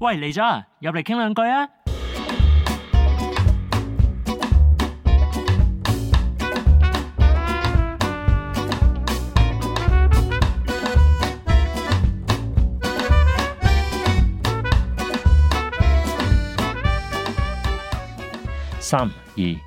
喂，嚟咗啊！入嚟傾兩句啊！三、二、一，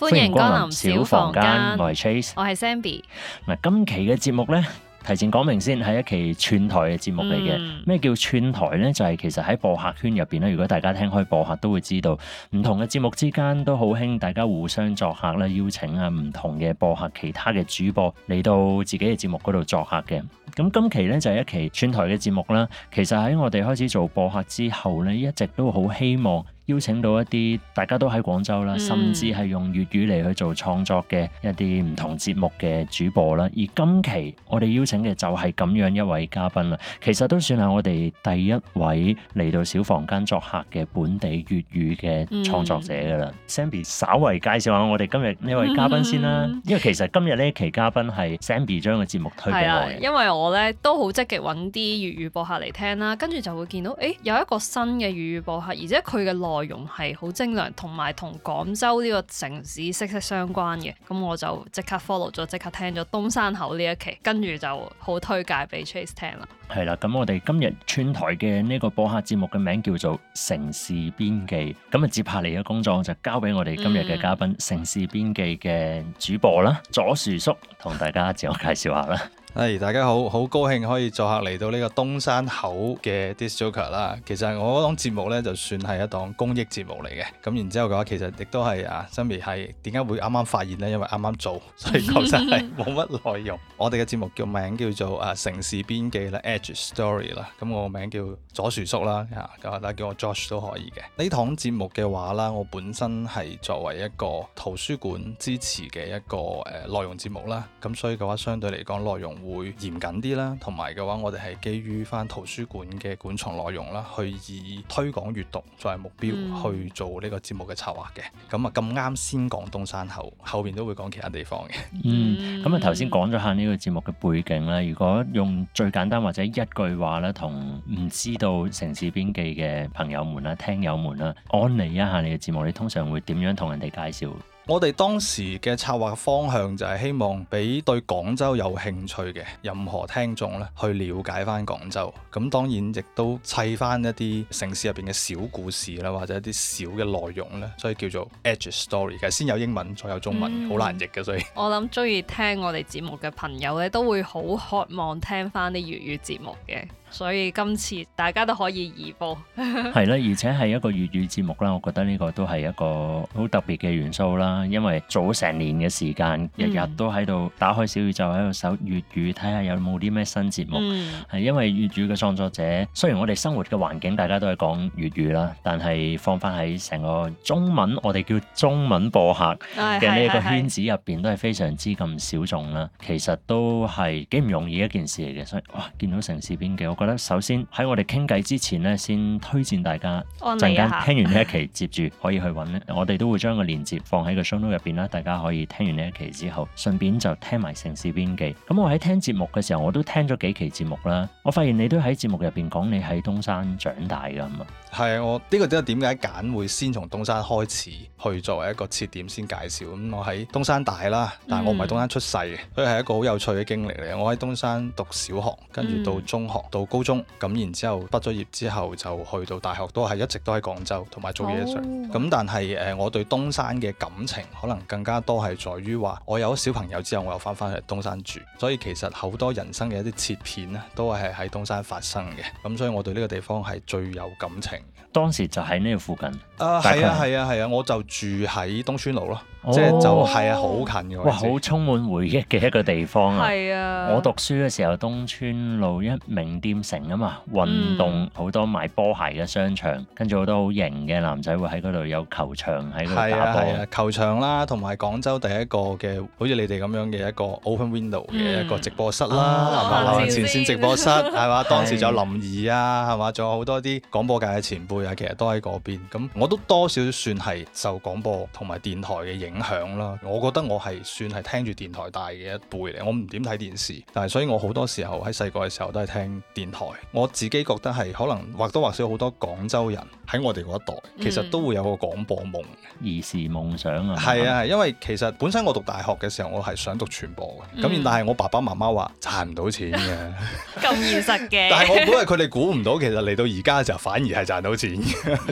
歡迎光臨小房間，我係 Trace，我係 Zenbi。嗱，今期嘅節目咧。提前講明先，係一期串台嘅節目嚟嘅。咩叫串台呢？就係其實喺播客圈入面，如果大家聽開播客都會知道，唔同嘅節目之間都好興，大家互相作客咧，邀請啊唔同嘅播客、其他嘅主播嚟到自己嘅節目嗰度作客嘅。咁今期咧就係一期串台嘅節目啦。其實喺我哋開始做播客之後咧，一直都好希望邀請到一啲大家都喺廣州啦，嗯、甚至係用粵語嚟去做創作嘅一啲唔同節目嘅主播啦。而今期我哋邀請嘅就係咁樣一位嘉賓啦。其實都算係我哋第一位嚟到小房間作客嘅本地粵語嘅創作者噶啦。Zenbi、嗯、稍為介紹下我哋今日呢位嘉賓先啦。 因為其實今日呢一期嘉賓係 Zenbi 將個節目推俾我嘅，因為我咧都好積極揾啲粵語播客嚟聽啦，跟住就會見到，誒、欸、有一個新嘅粵語播客，而且佢嘅內容係好精良，同埋同廣州呢個城市息息相關嘅。咁我就即刻 follow 咗，即刻聽咗東山口呢一期，跟住就好推介俾 Trace 聽。係啦，咁我哋今日串台嘅呢個播客節目嘅名叫做《城事邊記》。咁啊，接下嚟嘅工作就交俾我哋今日嘅嘉賓《嗯、城事邊記》嘅主播啦，左薯叔同大家自我介紹下啦。 哎，大家好，好高興可以作客嚟到呢個東山口嘅 DISC JOKER 啦。其實我嗰檔節目咧，就算係一檔公益節目嚟嘅。咁然之後嘅話，其實亦都係啊，Zenbi 係點解會啱啱發現咧？因為啱啱做，所以確實係冇乜內容。 我哋嘅節目叫名叫做啊城事邊記啦，Edge Story 啦。咁我個名叫左薯叔啦，嚇、啊，大家叫我 Josh 都可以嘅。呢檔節目嘅話啦，我本身係作為一個圖書館支持嘅一個誒內、呃、容節目啦。咁、啊、所以嘅話，相對嚟講內容。會嚴謹啲啦，同埋嘅話，我哋係基於翻圖書館嘅館藏內容啦，去以推廣閱讀作為目標、嗯、去做呢個節目嘅策劃嘅。咁啊，咁啱先講東山口，後邊都會講其他地方嘅。嗯，咁啊頭先講咗下呢個節目嘅背景啦。如果用最簡單或者一句話咧，同唔知道城事邊記嘅朋友們啦、聽友們啦，安利一下你嘅節目，你通常會點樣同人哋介紹？我哋當時嘅策劃方向就係希望俾對廣州有興趣嘅任何聽眾咧，去了解返廣州。咁當然亦都砌返一啲城市入邊嘅小故事啦，或者一啲小嘅內容咧，所以叫做 Edge Story。先有英文，再有中文，好、嗯、難譯嘅。所以我諗鍾意聽我哋節目嘅朋友咧，都會好渴望聽返啲粵語節目嘅。所以今次大家都可以移步，係啦，而且係一個粵語節目啦。我覺得呢個都係一個好特別嘅元素啦，因為早成年嘅時間日日都喺度打開小宇宙喺度搜粵語睇下有冇啲咩新節目。係、嗯、因為粵語嘅創作者，雖然我哋生活嘅環境大家都係講粵語啦，但係放翻喺成個中文，我哋叫中文播客嘅呢個圈子入邊、哎哎哎哎、都係非常之咁小眾啦。其實都係幾唔容易一件事嚟嘅，所以哇，見到城市邊幾好。覺得首先喺我哋傾偈之前咧，先推薦大家陣間聽完呢一期，接住可以去揾咧。 我哋都會將個連結放喺個 channel 入邊啦，大家可以聽完呢一期之後，順便就聽埋城事邊記。咁我喺聽節目嘅時候，我都聽咗幾期節目啦。我發現你都喺節目入邊講你喺東山長大噶嘛。係啊，我呢、呢個即係點解揀會先從東山開始去作為一個切點先介紹。咁我喺東山大啦，但係我唔係東山出世嘅，嗯、所以係一個好有趣嘅經歷嚟。我喺東山讀小學，跟住到中學、到高中，咁、嗯、然之後畢咗業之後就去到大學，都係一直都喺廣州同埋做嘢嘅。咁、哦、但係誒，我對東山嘅感情可能更加多係在於話我有咗小朋友之後，我又翻返去東山住。所以其實好多人生嘅一啲切片咧，都係喺東山發生嘅。咁所以我對呢個地方係最有感情。當時就喺呢度附近，啊係啊係啊係啊，我就住喺東川路咯，即係、哦、就係啊，好近嘅，哇，好充滿回憶嘅一個地方啊！係啊，我讀書嘅時候，東川路一名店城啊嘛，運動好、嗯、多賣波鞋嘅商場，跟住好多好型嘅男仔會喺嗰度有球場喺度打波啊，啊，啊，球場啦，同埋廣州第一個嘅，好似你哋咁樣嘅一個 open window 嘅一個直播室啦，係嘛，前綫直播室係嘛，當時仲有林儀啊，係嘛，仲有好多啲廣播界嘅。前輩啊，其實都喺嗰邊，咁我都多少算係受廣播同埋電台嘅影響啦。我覺得我係算係聽住電台大嘅一輩嚟，我唔點睇電視，但係所以我好多時候喺細個嘅時候都係聽電台。我自己覺得係可能或多或少好多廣州人，喺我哋嗰一代，其實都會有個廣播夢，兒時夢想啊。係啊，係因為其實本身我讀大學嘅時候，我係想讀傳播嘅。咁然、嗯，但係我爸爸媽媽話賺唔到錢嘅，咁現實嘅。 但係我估係佢哋估唔到，其實嚟到而家就反而係賺到錢。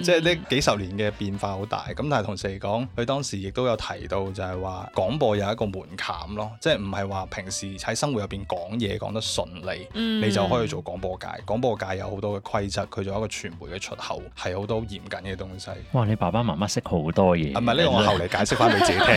即係呢幾十年嘅變化好大。咁但係同時嚟講，佢當時亦都有提到就係話廣播有一個門檻咯，即係唔係話平時喺生活入邊講嘢講得順利，嗯、你就可以做廣播界。廣播界有好多嘅規則，佢做一個傳媒嘅出口係好都嚴謹嘅東西。哇！你爸爸媽媽識好多嘢。唔係咧，我後嚟解釋翻俾自己聽。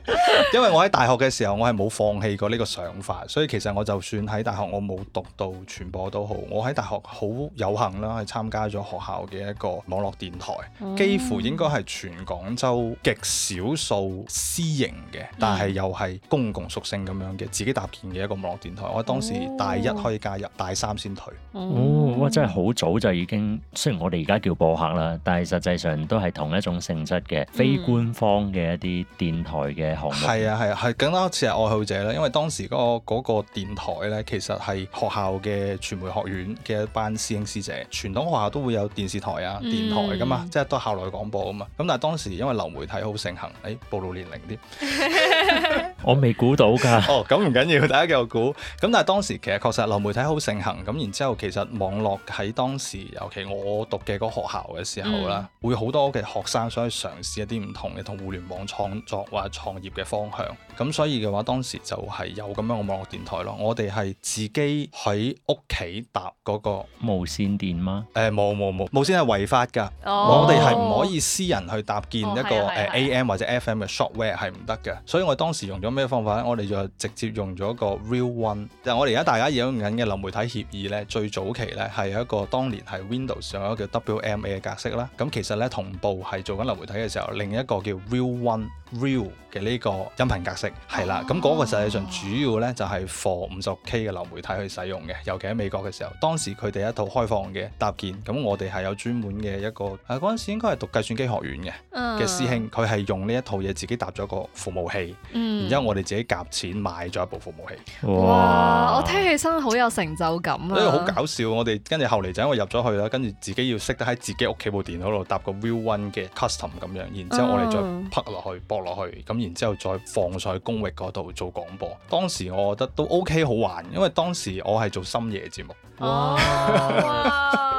因為我喺大學嘅時候，我係冇放棄過呢個想法，所以其實我就算喺大學，我冇讀到傳播都好。我喺大學好有幸啦，係參加咗學校嘅一個網絡電台，嗯、幾乎應該係全廣州極少數私營嘅，但係又係公共屬性咁樣嘅自己搭建嘅一個網絡電台。我當時大一可以加入，嗯、大三先退。嗯、哦，哇！真係好早就已經，雖然我哋而家叫播客。但係實際上都係同一種性質嘅非官方嘅一啲電台嘅項目。係啊、嗯，係啊，係更加似係愛好者啦。因為當時嗰、那、嗰、個那個電台咧，其實係學校嘅傳媒學院嘅一班師兄師姐。傳統學校都會有電視台啊、電台噶嘛，嗯、即係都係校內廣播啊嘛。咁但係當時因為流媒體好盛行，誒、哎、暴露年齡啲。 我未估到㗎。 哦，咁唔緊要，大家繼續估。咁但係當時其實確實流媒體好盛行。咁然之後其實網絡喺當時尤其我讀嘅嗰個學校嘅時候啦，嗯、會好多嘅學生想去嘗試一啲唔同嘅同互聯網創作或者創業嘅方向。咁所以嘅話當時就係有咁樣嘅網絡電台咯。我哋係自己喺屋企搭嗰、那個無線電嗎？誒、欸，冇冇冇，無線係違法㗎。哦、我哋係唔可以私人去搭建一個誒 AM 或者 FM 嘅 software 係唔得嘅。所以我當時用咗。咩方法咧？我哋就直接用咗個 Real One。但係我哋而家大家用緊嘅流媒體協議咧，最早期咧係一個當年係 Windows 上一個叫 WMA 嘅格式啦。咁其實咧同步係做緊流媒體嘅時候，另一個叫 Real One、Real 嘅呢個音頻格式係啦。咁個個實際上主要咧就係、是、for 五十 K 嘅流媒體去使用嘅，尤其喺美國嘅時候，當時佢哋一套開放嘅搭建，咁我哋係有專門嘅一個啊，嗰陣時應該係讀計算機學院嘅嘅師兄，佢係用呢一套嘢自己搭咗個服務器，嗯、然之後。我哋自己夾錢買咗一部服務器，哇！哇我聽起身好有成就感啊！所以好搞笑，我哋跟住後嚟就因為入咗去啦，跟住自己要識得喺自己屋企部電腦度搭個 View One 嘅 Custom 咁樣，然之後我哋再撻落去，駁落去，咁然之後再放上去公域嗰度做廣播。當時我覺得都 OK 好玩，因為當時我係做深夜節目。哇 哇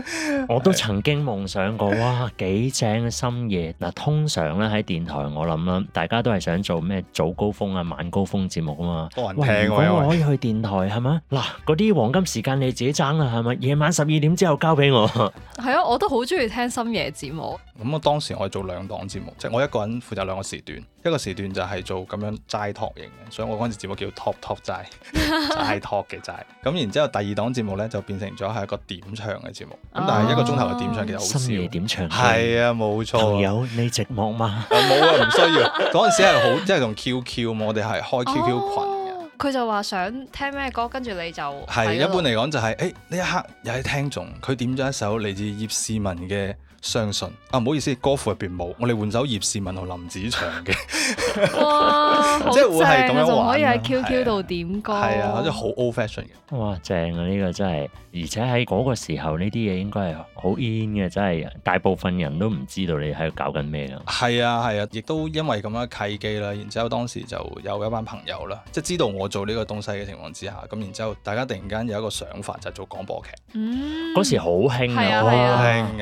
我都曾經夢想過，哇，幾正嘅深夜嗱。通常咧喺電台，我諗啦，大家都係想做咩早高峰啊、晚高峰節目啊嘛。多人聽啊，喂，咁我可以去電台係咪？嗱，嗰啲 黃金時間你自己爭啦係咪？夜晚十二點之後交俾我。係啊，我都好中意聽深夜節目。咁、嗯、我當時我係做兩檔節目，即係我一個人負責兩個時段。一個時段就係做咁樣齋托型嘅，所以我嗰陣時節目叫 Top Top 齋，齋託嘅齋。咁然之後第二檔節目咧就變成咗係一個點唱嘅節目，咁、啊、但係一個鐘頭嘅點唱其實好少。點唱？係啊，冇錯。朋友，你寂寞嘛？冇啊，唔、啊、需要。嗰陣 時係好，即係同 QQ，我哋係開 QQ 羣。佢、哦、就話想聽咩歌，跟住你就係一般嚟講就係、是，誒、欸、呢一刻有啲聽眾，佢點咗一首嚟自葉士文嘅。相信啊，唔好意思，歌庫入邊冇，我哋換首葉倩文同林子祥嘅。哇，即係會係咁樣玩，仲可以喺 QQ 度點歌，係啊，即係好 old fashion 嘅。哇，正啊！呢個真係，而且喺嗰個時候呢啲嘢應該係好 in 嘅，真係大部分人都唔知道你喺度搞緊咩噶。係啊，係啊，亦都因為咁樣契機啦，然之後當時就有一班朋友啦，即係知道我做呢個東西嘅情況之下，咁然之後大家突然間有一個想法就係做廣播劇。嗰時好興啊。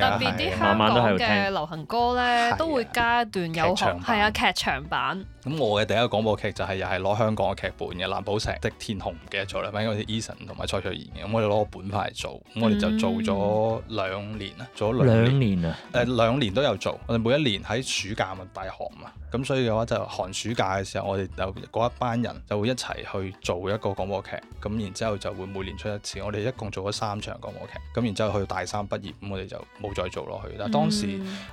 特別啲。慢香港嘅流行歌咧，啊、都會加一段有，係啊劇場版。咁、啊、我嘅第一個廣播劇就係又係攞香港嘅劇本嘅，《藍寶石》《的天紅》，唔記得咗啦，因似 Eason 同埋蔡卓妍嘅，咁我哋攞個本翻嚟做，咁我哋就做咗兩年啊，嗯、做咗兩年啊，誒兩年、呃、兩年都有做，我哋每一年喺暑假嘛，大學嘛。咁所以嘅話就寒暑假嘅時候，我哋就一班人就會一齊去做一個廣播劇，咁然之後就會每年出一次。我哋一共做咗三場廣播劇，咁然之後去到大三畢業，咁我哋就冇再做落去。但當時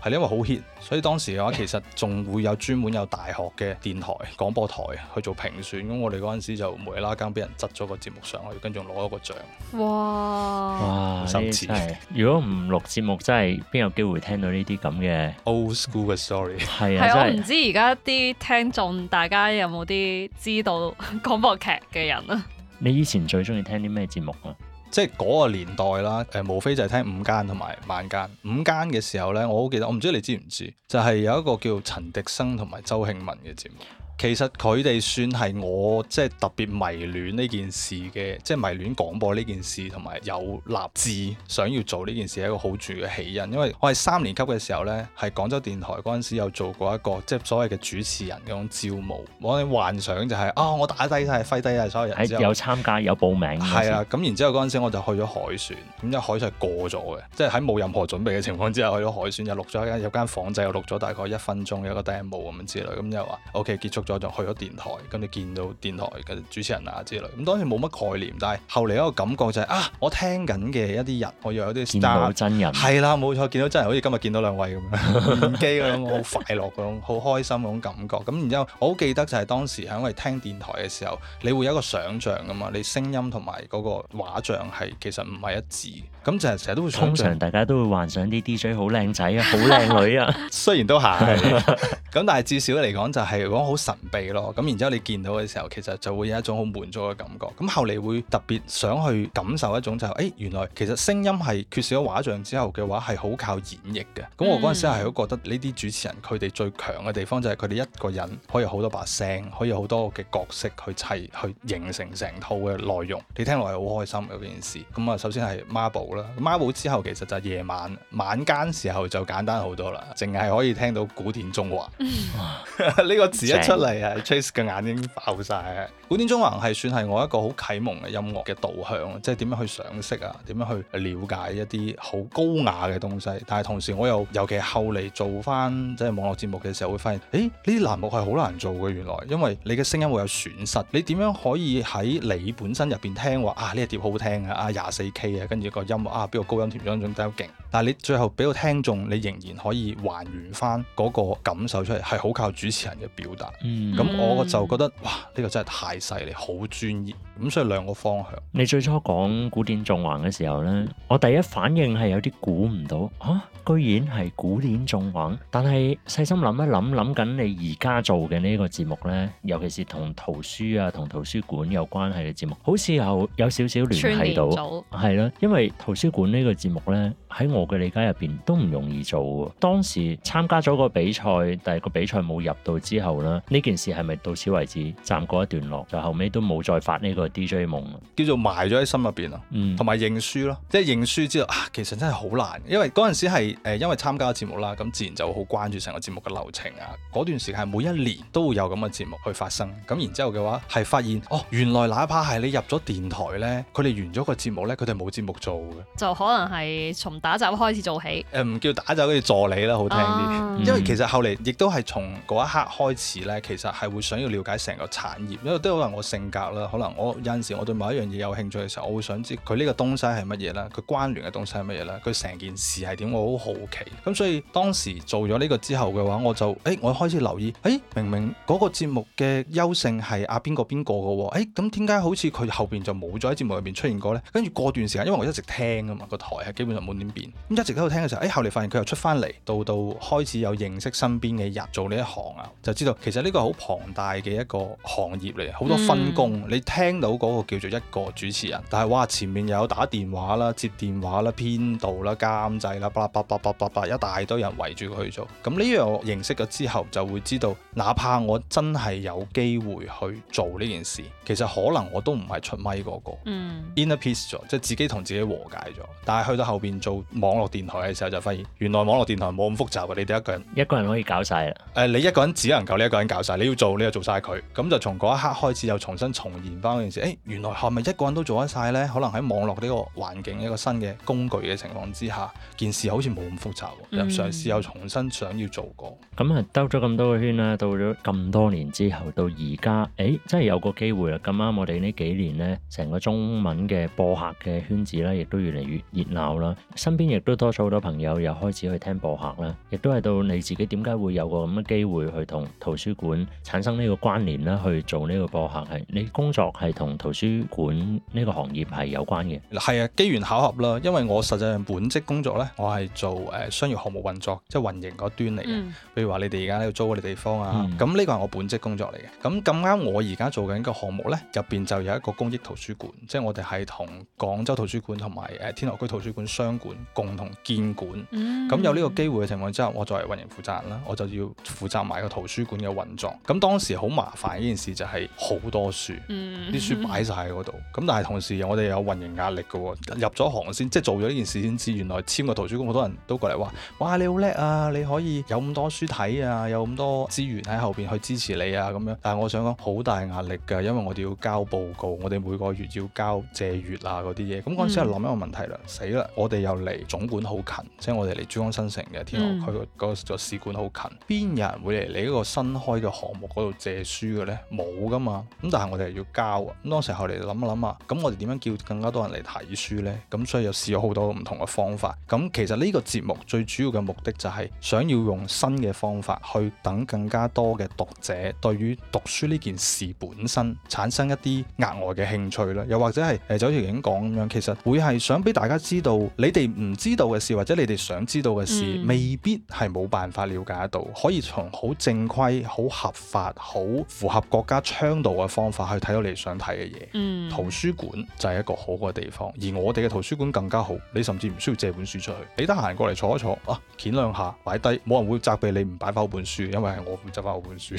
係因為好 hit，所以當時嘅話其實仲會有專門有大學嘅電台廣播台去做評選，咁我哋嗰陣時就無啦啦俾人執咗個節目上去，跟住攞咗個獎哇！哇！甚至係，如果唔錄節目，真係邊有機會聽到呢啲咁嘅 old school 嘅 story？係啊，而家啲聽眾，大家有冇啲知道廣播劇嘅人啊？你以前最中意聽啲咩節目啊？即係嗰個年代啦，誒，無非就係聽午間同埋晚間。午間嘅時候呢，我好記得，我唔知你知唔知，就係、是、有一個叫陳迪生同埋周慶文嘅節目。其實佢哋算係我即係特別迷戀呢件事嘅，即係迷戀廣播呢件事，同埋有,有立志想要做呢件事係一個好重要嘅起因。因為我係三年級嘅時候呢係廣州電台嗰陣時有做過一個即係所謂嘅主持人嗰種招募。我嘅幻想就係、是、啊、哦，我打低晒，揮低晒所有人。有參加、有報名嘅。係啊，咁然之後嗰陣時我就去咗海選，咁因又海選過咗嘅，即係喺冇任何準備嘅情況之下去咗海選，就錄咗一間有一間房仔，又錄咗大概一分鐘嘅一個 demo 咁樣之類，咁又話 OK 結束。再就去咗電台，咁你見到電台嘅主持人啊之類，咁當然冇乜概念，但係後嚟一個感覺就係、是、啊，我聽緊嘅一啲人，我又有啲真真人。係啦冇錯，見到真人好似今日見到兩位咁樣，面基嗰種好快樂嗰種好開心嗰種感覺。咁然之後，我好記得就係當時喺我哋聽電台嘅時候，你會有一個想像噶嘛，你聲音同埋嗰個畫像係其實唔係一致。咁就係成日都會通常大家都會幻想啲 DJ 好靚仔啊，好靚女啊， 雖然都係，咁 但係至少嚟講就係講好神秘咯。咁然之後你見到嘅時候，其實就會有一種好滿足嘅感覺。咁後嚟會特別想去感受一種就係，誒、欸、原來其實聲音係缺少畫像之後嘅話係好靠演繹嘅。咁我嗰陣時係都覺得呢啲主持人佢哋最強嘅地方就係佢哋一個人可以好多把聲，可以好多嘅角色去砌去形成成套嘅內容。你聽落係好開心嘅件事。咁啊，首先係 Marble。孖寶之後其實就夜晚晚間時候就簡單好多啦，淨係可以聽到古典中華呢 個字一出嚟啊，Trace 嘅眼睛已經爆晒。 古典中華係算係我一個好啟蒙嘅音樂嘅導向，即係點樣去賞識啊，點樣去了解一啲好高雅嘅東西。但係同時我又尤其後嚟做翻即係網絡節目嘅時候，會發現誒呢啲欄目係好難做嘅，原來因為你嘅聲音會有損失，你點樣可以喺你本身入邊聽話啊呢一碟好聽啊，啊廿四 K 啊，跟住個音。啊！邊個高音甜將仲比較勁？但係你最後俾個聽眾，你仍然可以還原翻嗰個感受出嚟，係好靠主持人嘅表達。嗯，咁、嗯、我就覺得哇，呢、這個真係太細膩，好專業。咁所以兩個方向。你最初講古典縱橫嘅時候呢，我第一反應係有啲估唔到啊，居然係古典縱橫。但係細心諗一諗，諗緊你而家做嘅呢個節目呢，尤其是同圖書啊、同圖書館有關係嘅節目，好似又有少少聯繫到。串聯咗。係咯，因為圖書館呢個節目呢。喺我嘅理解入邊都唔容易做嘅。當時參加咗個比賽，但係個比賽冇入到之後呢，呢件事係咪到此為止，暫過一段落？就後尾都冇再發呢個 DJ 夢，叫做埋咗喺心入邊啊，同埋、嗯、認輸咯，即係認輸之後啊，其實真係好難，因為嗰陣時係誒、呃，因為參加節目啦，咁自然就好關注成個節目嘅流程啊。嗰段時間每一年都會有咁嘅節目去發生，咁然之後嘅話係發現哦，原來哪怕係你入咗電台呢，佢哋完咗個節目呢，佢哋冇節目做嘅，就可能係從打雜開始做起，誒唔、嗯、叫打雜，叫助理啦，好聽啲。啊、因為其實後嚟亦都係從嗰一刻開始咧，其實係會想要了解成個產業。因為都可能我性格啦，可能我有陣時我對某一樣嘢有興趣嘅時候，我會想知佢呢個東西係乜嘢啦，佢關聯嘅東西係乜嘢啦，佢成件事係點，我好好奇。咁所以當時做咗呢個之後嘅話，我就誒、欸、我一開始留意，誒、欸、明明嗰個節目嘅優勝係阿邊個邊個嘅喎、哦，咁點解好似佢後邊就冇咗喺節目入邊出現過咧？跟住過段時間，因為我一直聽啊嘛，個台係基本上冇點。咁一直喺度聽嘅時候，誒、欸，後嚟發現佢又出翻嚟，到到開始有認識身邊嘅人做呢一行啊，就知道其實呢個好龐大嘅一個行業嚟，好多分工。嗯、你聽到嗰個叫做一個主持人，但係哇，前面又有打電話啦、接電話啦、編導啦、監製啦，巴拉巴拉巴拉巴一大堆人圍住佢去做。咁呢樣我認識咗之後，就會知道，哪怕我真係有機會去做呢件事，其實可能我都唔係出咪嗰、個。嗯，inner peace 咗，即係自己同自己和解咗。但係去到後邊做。網絡電台嘅時候就發現，原來網絡電台冇咁複雜嘅，你哋一個人一個人可以搞晒啦。誒、呃，你一個人只能夠你一個人搞晒，你要做你要做就做晒佢，咁就從嗰一刻開始又重新重現翻件事。誒、欸，原來係咪一個人都做得晒呢？可能喺網絡呢個環境，一個新嘅工具嘅情況之下，件事好似冇咁複雜。又嘗試又重新想要做過，咁啊兜咗咁多個圈啦，到咗咁多年之後，到而家誒，真係有個機會啦。咁啱我哋呢幾年呢，成個中文嘅播客嘅圈子呢，亦都越嚟越熱鬧啦。身邊亦都多咗好多朋友，又開始去聽播客啦。亦都係到你自己點解會有個咁嘅機會去同圖書館產生呢個關聯啦，去做呢個播客係你工作係同圖書館呢個行業係有關嘅。係啊，機緣巧合啦，因為我實際上本職工作咧，我係做誒、呃、商業項目運作，即係運營嗰端嚟嘅。嗯，譬如話你哋而家喺度租嗰啲地方啊，嗯，咁呢個係我本職工作嚟嘅。咁咁啱，我而家做緊個項目咧，入邊就有一個公益圖書館，即係我哋係同廣州圖書館同埋誒天河區圖書館雙館，共同監管，咁、嗯、有呢個機會嘅情況之下，我作為運營負責人啦，我就要負責埋個圖書館嘅運作。咁當時好麻煩呢件事就係好多書，啲、嗯、書擺晒喺嗰度。咁但係同時我哋有運營壓力嘅喎，入咗行先即係做咗呢件事先知，原來簽個圖書館好多人都過嚟話，哇，你好叻啊！你可以有咁多書睇啊，有咁多資源喺後邊去支持你啊咁樣。但係我想講好大壓力㗎，因為我哋要交報告，我哋每個月要交借閱啊嗰啲嘢。咁嗰陣時係諗一個問題啦，死啦、嗯！我哋又嚟總館好近，即係我哋離珠江新城嘅天河區、嗯、個嗰個就市館好近。邊有人會嚟你嗰個新開嘅項目嗰度借書嘅呢？冇噶嘛。咁但係我哋係要交啊。咁當時候嚟諗一諗啊，咁我哋點樣叫更加多人嚟睇書呢？咁所以又試咗好多唔同嘅方法。咁其實呢個節目最主要嘅目的就係想要用新嘅方法去等更加多嘅讀者對於讀書呢件事本身產生一啲額外嘅興趣啦。又或者係誒，就好似已經講咁樣，其實會係想俾大家知道你哋唔知道嘅事，或者你哋想知道嘅事，嗯、未必係冇辦法了解得到。可以從好正規、好合法、好符合國家倡導嘅方法去睇到你想睇嘅嘢。嗯、圖書館就係一個好嘅地方，而我哋嘅圖書館更加好。你甚至唔需要借本書出去，你得閒過嚟坐一坐，啊，攪兩下擺低，冇人會責備你唔擺翻好本書，因為係我唔執翻好本書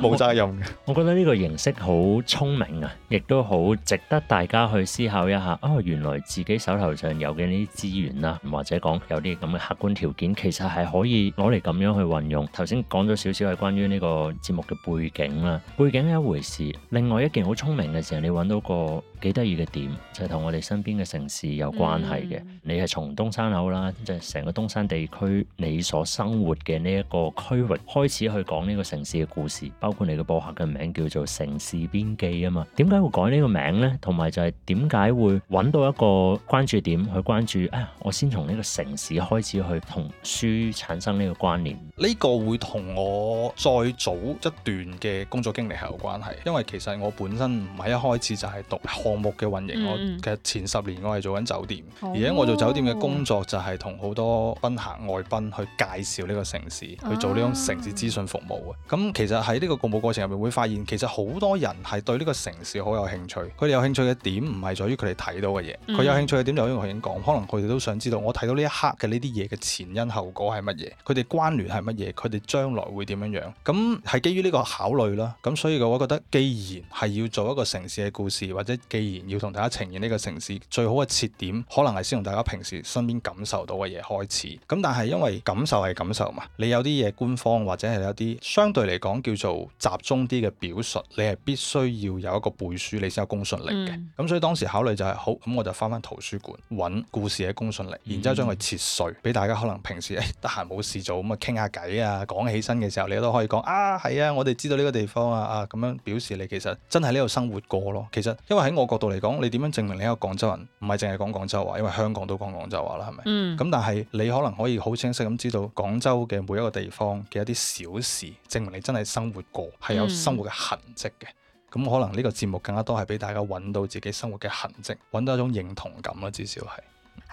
冇責,、嗯、 責任嘅。我覺得呢個形式好聰明啊，亦都好值得大家去思考一下。啊、哦，原來自己手頭上有嘅。啲資源啦，或者講有啲咁嘅客觀條件，其實係可以攞嚟咁樣去運用。頭先講咗少少係關於呢個節目嘅背景啦，背景係一回事。另外一件好聰明嘅事係你揾到個幾得意嘅點，就係、是、同我哋身邊嘅城市有關係嘅。嗯、你係從東山口啦，即係成個東山地區，你所生活嘅呢一個區域開始去講呢個城市嘅故事，包括你嘅播客嘅名叫做《城事邊記》啊嘛。點解會改呢個名呢？同埋就係點解會揾到一個關注點去關？跟住，啊、哎！我先從呢個城市開始去同書產生呢個關聯，呢個會同我再早一段嘅工作經歷係有關係，因為其實我本身唔係一開始就係讀項目嘅運營，嗯、我其實前十年我係做緊酒店，好而且我做酒店嘅工作就係同好多賓客外賓去介紹呢個城市，去做呢種城市資訊服務嘅。咁、啊、其實喺呢個服務過程入面會發現，其實好多人係對呢個城市好有興趣，佢哋有興趣嘅點唔係在於佢哋睇到嘅嘢，佢、嗯、有興趣嘅點就係佢已經講。可能佢哋都想知道，我睇到呢一刻嘅呢啲嘢嘅前因後果係乜嘢？佢哋關聯係乜嘢？佢哋將來會點樣樣？咁係基於呢個考慮啦。咁所以嘅話，覺得既然係要做一個城市嘅故事，或者既然要同大家呈現呢個城市，最好嘅切點，可能係先同大家平時身邊感受到嘅嘢開始。咁但係，因為感受係感受嘛，你有啲嘢官方或者係有啲相對嚟講叫做集中啲嘅表述，你係必須要有一個背書，你先有公信力嘅。咁、嗯、所以當時考慮就係、是、好，咁我就翻翻圖書館揾。故事嘅公信力，然之後將佢切碎，俾、嗯、大家可能平時誒得閒冇事做咁啊傾下偈啊，講起身嘅時候，你都可以講啊係啊，我哋知道呢個地方啊啊咁樣表示你其實真係呢度生活過咯。其實因為喺我角度嚟講，你點樣證明你係一個廣州人？唔係淨係講廣州話，因為香港都講廣州話啦，係咪？咁、嗯、但係你可能可以好清晰咁知道廣州嘅每一個地方嘅一啲小事，證明你真係生活過，係有生活嘅痕跡嘅。咁、嗯、可能呢個節目更加多係俾大家揾到自己生活嘅痕跡，揾到一種認同感咯，至少係。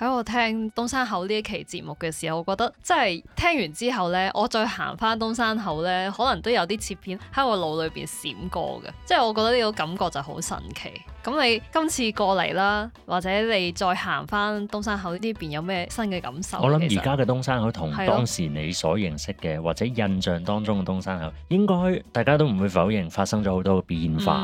喺度聽東山口呢一期節目嘅時候，我覺得即係聽完之後咧，我再行翻東山口咧，可能都有啲切片喺我腦裏邊閃過嘅，即係我覺得呢個感覺就好神奇。咁你今次過嚟啦，或者你再行翻東山口呢邊有咩新嘅感受？我諗而家嘅東山口同當時你所認識嘅的或者印象當中嘅東山口，應該大家都唔會否認發生咗好多變化。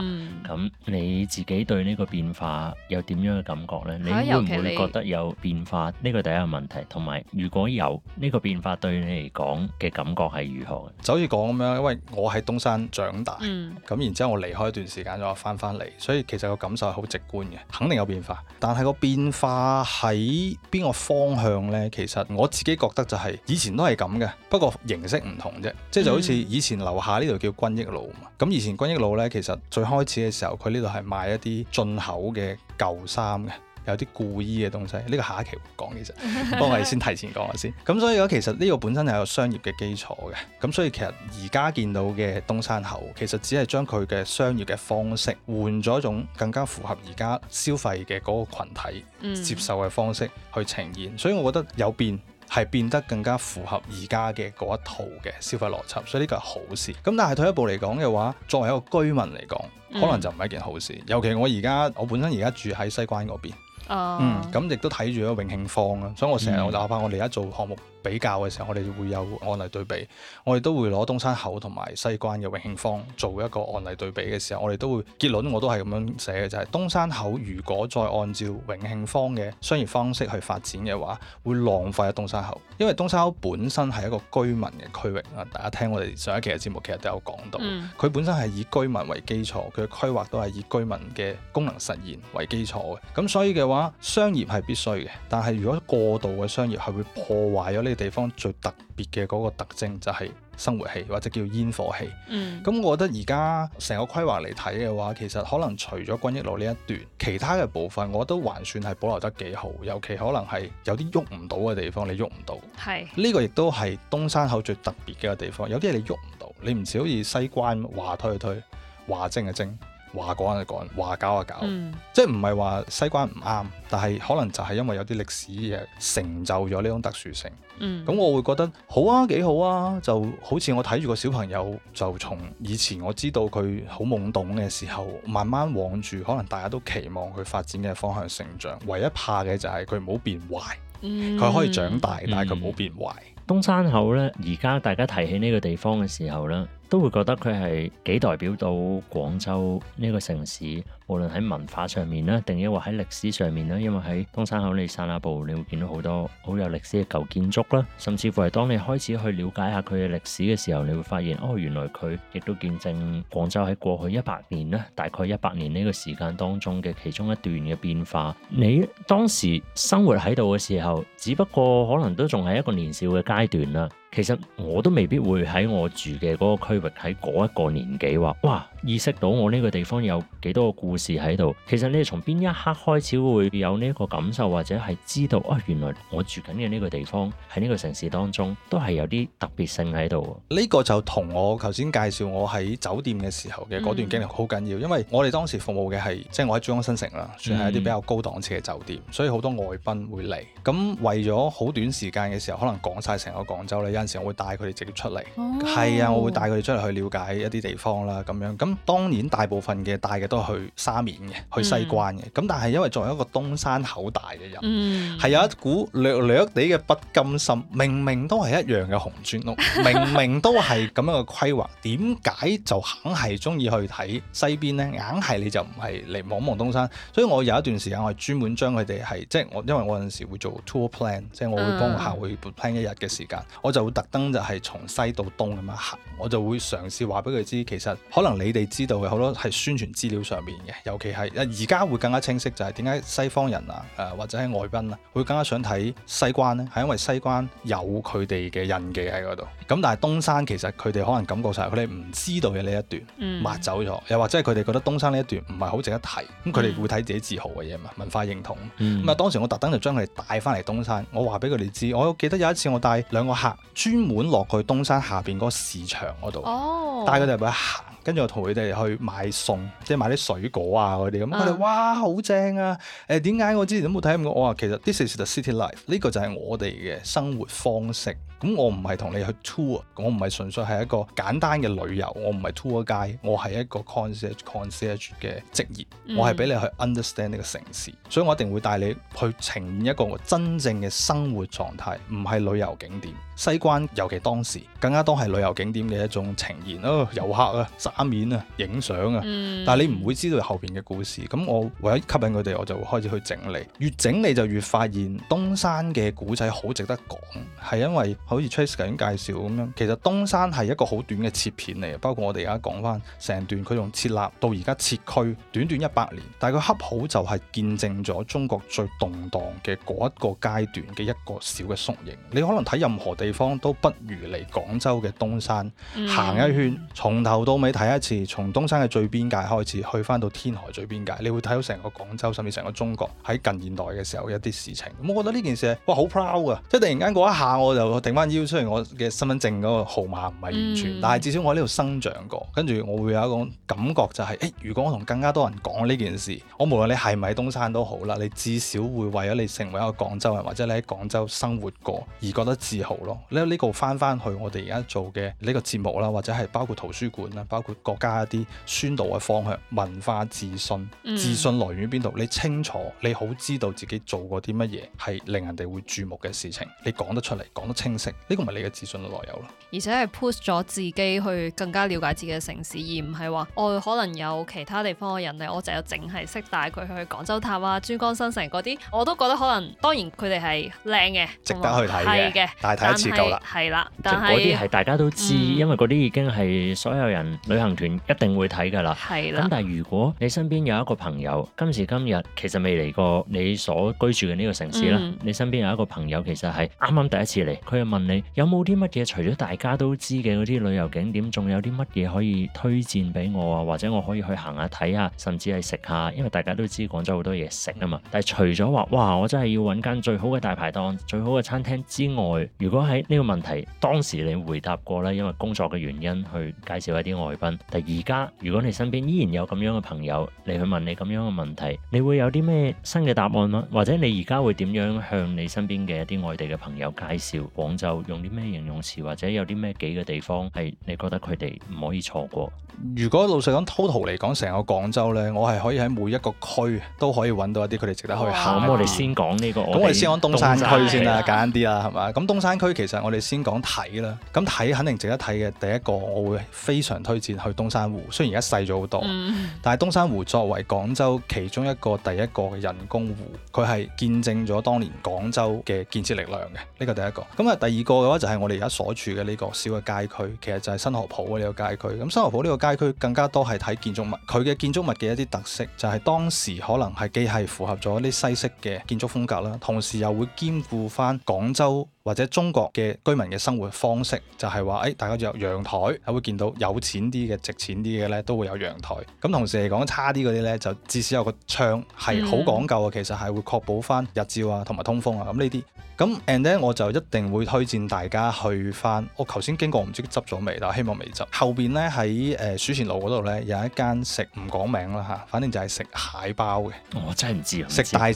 咁、嗯、你自己對呢個變化有點樣嘅感覺咧？的你會唔會覺得有？變化呢個第一個問題，同埋如果有呢、呢個變化對你嚟講嘅感覺係如何？就好似講咁樣，因為我喺東山長大，咁、嗯、然之後我離開一段時間，再翻翻嚟，所以其實個感受係好直觀嘅，肯定有變化。但係個變化喺邊個方向呢？其實我自己覺得就係以前都係咁嘅，不過形式唔同啫。即、就、係、是、就好似以前樓下呢度叫君益路嘛，咁、嗯、以前君益路呢，其實最開始嘅時候佢呢度係賣一啲進口嘅舊衫嘅。有啲故意嘅東西，呢、這個下一期會講，其實不過我哋先提前講下先。咁所以講，其實呢個本身係有商業嘅基礎嘅。咁所以其實而家見到嘅東山口，其實只係將佢嘅商業嘅方式換咗一種更加符合而家消費嘅嗰個羣體接受嘅方式去呈現。嗯、所以我覺得有變係變得更加符合而家嘅嗰一套嘅消費邏輯，所以呢個係好事。咁但係退一步嚟講嘅話，作為一個居民嚟講，可能就唔係一件好事。嗯、尤其我而家我本身而家住喺西關嗰邊。Mm. 嗯，咁亦都睇住咗永慶坊啊，所以我成日我怕我哋而家做項目。比較嘅時候，我哋會有案例對比，我哋都會攞東山口同埋西關嘅永慶坊做一個案例對比嘅時候，我哋都會結論我都係咁樣寫嘅，就係東山口如果再按照永慶坊嘅商業方式去發展嘅話，會浪費喺東山口，因為東山口本身係一個居民嘅區域啊。大家聽我哋上一期嘅節目其實都有講到，佢本身係以居民為基礎，佢嘅規劃都係以居民嘅功能實現為基礎嘅。咁所以嘅話，商業係必須嘅，但係如果過度嘅商業係會破壞咗呢嘅地方最特別嘅嗰個特徵就係生活氣或者叫煙火氣。嗯，咁我覺得而家成個規劃嚟睇嘅話，其實可能除咗軍益路呢一段，其他嘅部分我都還算係保留得幾好。尤其可能係有啲喐唔到嘅地方，你喐唔到。係呢是個亦都係東山口最特別嘅地方。有啲嘢你喐唔到，你唔似好似西關一話推一推，話精一精。話講就講，話搞就搞，嗯、即係唔係話西關唔啱，但係可能就係因為有啲歷史成就咗呢種特殊性。咁、嗯、我會覺得好啊，幾好啊，就好似我睇住個小朋友，就從以前我知道佢好懵懂嘅時候，慢慢往住可能大家都期望佢發展嘅方向成長。唯一怕嘅就係佢唔好變壞，佢、嗯、可以長大，但係佢唔好變壞，嗯嗯。東山口呢，而家大家提起呢個地方嘅時候呢，都會覺得佢係幾代表到廣州呢個城市，無論喺文化上面咧，定抑或喺歷史上面咧，因為喺東山口你散下步，你會見到好多好有歷史嘅舊建築啦。甚至乎係當你開始去了解下佢嘅歷史嘅時候，你會發現哦，原來佢亦都見證廣州喺過去一百年咧，大概一百年呢個時間當中嘅其中一段嘅變化。你當時生活喺度嘅時候，只不過可能都仲係一個年少嘅階段啦。其實我都未必會喺我住嘅嗰個區域，喺嗰一個年紀話，哇！意識到我呢個地方有幾多個故事喺度。其實你係從邊一刻開始會有呢個感受，或者係知道啊，原來我住緊嘅呢個地方喺呢個城市當中都係有啲特別性喺度？呢個就同我頭先介紹我喺酒店嘅時候嘅嗰段經歷好緊要，嗯、因為我哋當時服務嘅係即係我喺珠江新城啦，算係一啲比較高檔次嘅酒店，所以好多外賓會嚟。咁為咗好短時間嘅時候，可能講晒成個廣州咧。有陣時我會帶佢哋直接出嚟，係、oh. 啊，我會帶佢哋出嚟去了解一啲地方啦，咁樣，咁當然大部分嘅帶嘅都係去沙面嘅，去西關嘅。咁、mm. 但係因為作為一個東山口大嘅人，係、mm. 有一股略略地嘅不甘心。明明都係一樣嘅紅磚屋，明明都係咁樣嘅規劃，點解 就肯係中意去睇西邊咧？硬係你就唔係嚟望望東山。所以我有一段時間，我係專門將佢哋係即係我，因為我有陣時會做 tour plan，即係我會幫客戶 plan 一日嘅時間。Mm. 我就。我特登就係從西到東咁樣行，我就會嘗試話俾佢知，其實可能你哋知道嘅好多係宣傳資料上面嘅，尤其係而家會更加清晰，就係點解西方人啊，誒、呃、或者係外賓啊，會更加想睇西關呢？係因為西關有佢哋嘅印記喺嗰度。咁但係東山其實佢哋可能感覺上佢哋唔知道嘅呢一段、嗯、抹走咗，又或者係佢哋覺得東山呢一段唔係好值得睇。咁佢哋會睇自己自豪嘅嘢嘛，文化認同。咁啊、嗯、當時我特登就將佢哋帶翻嚟東山，我話俾佢哋知。我記得有一次我帶兩個客。專門落去東山下邊嗰個市場嗰度，oh. 帶佢哋去行，跟住我同佢哋去買餸，即係買啲水果啊嗰啲咁。佢哋，哇好正啊！誒，點解我之前都冇睇過？我話其實 This is the city life，呢個就係我哋嘅生活方式。咁我唔係同你去 tour 啊，我唔係純粹係一個簡單嘅旅遊，我唔係 tour 街，我係一個 concierge concierge 嘅職業，嗯、我係俾你去 understand 呢個城市，所以我一定會帶你去呈現一個我真正嘅生活狀態，唔係旅遊景點。西關尤其當時更加多係旅遊景點嘅一種呈現，哦遊客啊、沙面啊、影相啊，嗯、但係你唔會知道後邊嘅故事。咁我為咗吸引佢哋，我就會開始去整理，越整理就越發現東山嘅古仔好值得講，係因為，好似 Trace 咁介紹咁樣，其實東山係一個好短嘅切片嚟嘅，包括我哋而家講翻成段，佢從設立到而家設區，短短一百年，但係佢恰好就係見證咗中國最動盪嘅嗰一個階段嘅一個小嘅縮影。你可能睇任何地方都不如嚟廣州嘅東山行一圈，嗯、從頭到尾睇一次，從東山嘅最邊界開始，去翻到天河最邊界，你會睇到成個廣州甚至成個中國喺近現代嘅時候一啲事情。我覺得呢件事哇好 proud 啊，即係突然間嗰一下我就定翻翻腰出嚟，我嘅身份證嗰個號碼唔係完全，嗯、但係至少我喺呢度生長過，跟住我會有一種感覺就係、是、誒、欸、如果我同更加多人講呢件事，我無論你係咪喺東山都好啦，你至少會為咗你成為一個廣州人，或者你喺廣州生活過而覺得自豪咯。呢、這、呢個翻翻去我哋而家做嘅呢個節目啦，或者係包括圖書館啦，包括國家一啲宣導嘅方向、文化自信，嗯、自信來源於邊度？你清楚，你好知道自己做過啲乜嘢係令人哋會注目嘅事情，你講得出嚟，講得清晰。呢個唔係你嘅資訊內有自信嘅來由咯，而且係 push 咗自己去更加了解自己嘅城市，而唔係話我可能有其他地方嘅人嚟，我就係淨係識帶佢去廣州塔啊、珠江新城嗰啲，我都覺得可能當然佢哋係靚嘅，值得去睇嘅，但係睇一次夠啦，係啦、嗯，但係嗰啲係大家都知，因為嗰啲已經係所有人旅行團一定會睇㗎啦，係啦的。咁但係如果你身邊有一個朋友，今時今日其實未嚟過你所居住嘅呢個城市啦，嗯、你身邊有一個朋友其實係啱啱第一次嚟，佢問。問你有冇啲乜嘢？除咗大家都知嘅嗰啲旅遊景點，仲有啲乜嘢可以推薦俾我啊？或者我可以去行下睇下，甚至係食下。因為大家都知廣州好多嘢食啊嘛。但係除咗話哇，我真係要揾間最好嘅大排檔、最好嘅餐廳之外，如果喺呢個問題當時你回答過啦，因為工作嘅原因去介紹一啲外賓。但而家如果你身邊依然有咁樣嘅朋友，你去問你咁樣嘅問題，你會有啲咩新嘅答案嗎？或者你而家會點樣向你身邊嘅一啲外地嘅朋友介紹廣州？就用啲咩形容詞，或者有啲咩幾個地方係你覺得佢哋唔可以錯過？如果老實講，total 嚟講，成個廣州呢，我係可以喺每一個區都可以揾到一啲佢哋值得去。咁我哋先講呢個，咁我哋先講東山區先啦，簡單啲啦，係嘛？咁東山區其實我哋先講睇啦。咁睇肯定值得睇嘅第一個，我會非常推薦去東山湖。雖然而家細咗好多，嗯、但係東山湖作為廣州其中一個第一個嘅人工湖，佢係見證咗當年廣州嘅建設力量嘅。呢、呢個第一個咁啊，第。第二個嘅話就係我哋而家所住嘅呢個小嘅街區，其實就係新河浦嘅呢個街區。咁新河浦呢個街區更加多係睇建築物，佢嘅建築物嘅一啲特色就係當時可能係既係符合咗啲西式嘅建築風格啦，同時又會兼顧翻廣州。或者中國嘅居民嘅生活方式就係、是、話，誒、哎、大家有陽台，係會見到有錢啲嘅、值錢啲嘅咧，都會有陽台。咁同時嚟講，差啲嗰啲咧，就至少有個窗係好講究啊。其實係會確保翻日照啊同埋通風啊。咁呢啲咁 and then 咧，我就一定會推薦大家去翻。我頭先經過，唔知執咗未？但希望未執。後邊咧喺誒署前路嗰度咧，有一間食唔講名啦嚇，反正就係食蟹包嘅。我真係唔知啊！食大閘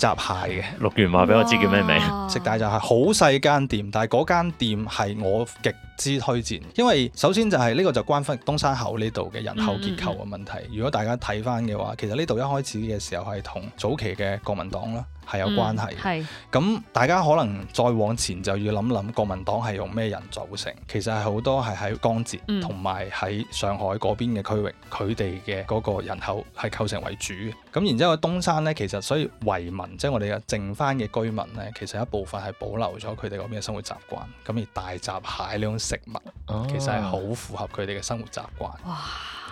蟹嘅，陸源話俾我知叫咩名？哇 食大閘蟹，好細間店。但係間店係我極之推薦，因為首先就係、是、呢、這個就關翻東山口呢度嘅人口結構嘅問題，mm. 如果大家睇翻嘅話，其實呢度一開始嘅時候係同早期嘅國民黨啦。係有關係，咁、嗯、大家可能再往前就要諗諗國民黨係用咩人組成，其實係好多係喺江浙，同埋喺上海嗰邊嘅區域，佢哋嘅嗰個人口係構成為主嘅。咁然之後東山呢，其實所以遺民即係、就是、我哋嘅剩返嘅居民呢，其實一部分係保留咗佢哋嗰邊嘅生活習慣。咁而大閘蟹呢種食物，哦、其實係好符合佢哋嘅生活習慣。哇！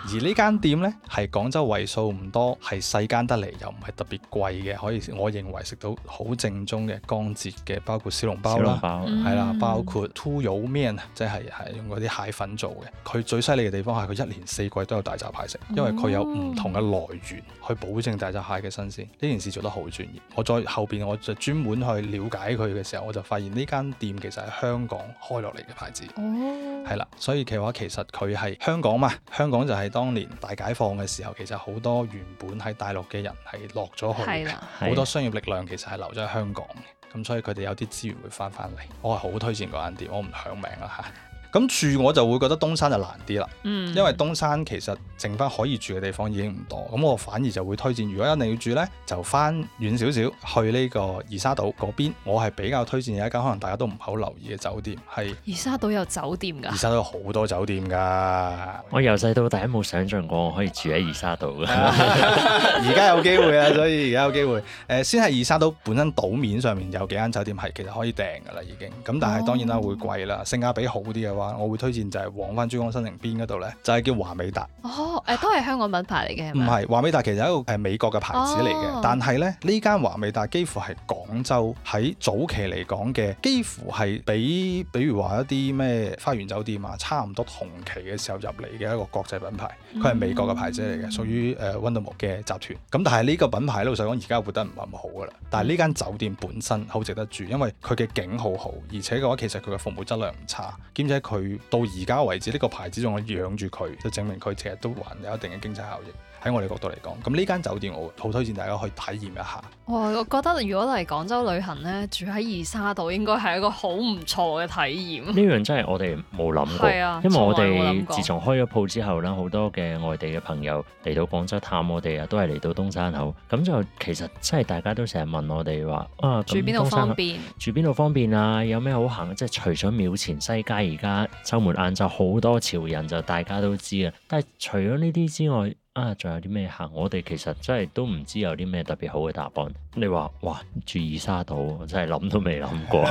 而呢間店呢，係廣州為數唔多，係細間得嚟，又唔係特別貴嘅，可以我認為食到好正宗嘅江浙嘅，包括小籠包啦，係啦、嗯，包括 two o man，即係係用嗰啲蟹粉做嘅。佢最犀利嘅地方係佢一年四季都有大閘蟹食，因為佢有唔同嘅來源、哦、去保證大閘蟹嘅新鮮，呢件事做得好專業。我再後邊我就專門去了解佢嘅時候，我就發現呢間店其實係香港開落嚟嘅牌子，係啦、哦，所以嘅話其實佢係香港嘛，香港就係、是。當年大解放嘅時候，其實好多原本喺大陸嘅人係落咗去，好的多商業力量其實係留咗喺香港嘅，咁的所以佢哋有啲資源會返返嚟。我係好推薦嗰間店，我唔響名啦嚇。 咁住我就會覺得東山就難啲啦，嗯、因為東山其實剩翻可以住嘅地方已經唔多，咁我反而就會推薦，如果一定要住咧，就翻遠少少去呢個二沙島嗰邊。邊我係比較推薦有一間可能大家都唔好留意嘅酒店，係二沙島有酒店噶？二沙島好多酒店噶，我由細到大都冇想象過可以住喺二沙島㗎，而 家 有機會啊！所以而家有機會誒先係二沙島本身島面上面有幾間酒店係其實可以訂噶啦，已經，咁，但係當然啦會貴啦，性價比好啲嘅話。我會推薦就係往翻珠江新城邊嗰度呢就係、是、叫華美達。哦，誒都係香港品牌嚟嘅，唔係華美達其實一個係美國嘅牌子嚟嘅，哦、但係咧呢間華美達幾乎係廣州喺早期嚟講嘅，幾乎係比比如話一啲咩花園酒店啊差唔多同期嘅時候入嚟嘅一個國際品牌，佢係美國嘅牌子嚟嘅，屬於誒溫德姆嘅集團。咁、嗯、但係呢個品牌老實講而家活得唔係咁好噶啦。但係呢間酒店本身好值得住，因為佢嘅景好好，而且嘅話其實佢嘅服務質量唔差，兼且。佢到而家為止，呢、這個牌子仲養住佢，就證明佢成日都還有一定嘅經濟效益。喺我哋角度嚟講，咁呢間酒店我好推薦大家去體驗一下。哇！我覺得如果嚟廣州旅行咧，住喺二沙島應該係一個好唔錯嘅體驗。呢樣真係我哋冇諗過，啊、因為我哋自從開咗鋪之後咧，好多嘅外地嘅朋友嚟到廣州探我哋啊，都係嚟到東山口。咁就其實真係大家都成日問我哋話：啊，住邊度方便？住邊度方便啊？有咩好行？即係除咗廟前西街，而家周末晏晝好多潮人，就大家都知啊。但係除咗呢啲之外，啊，仲有啲咩行？我哋其實真係都唔知有啲咩特別好嘅答案。你話哇，住二沙島，真係諗都未諗過。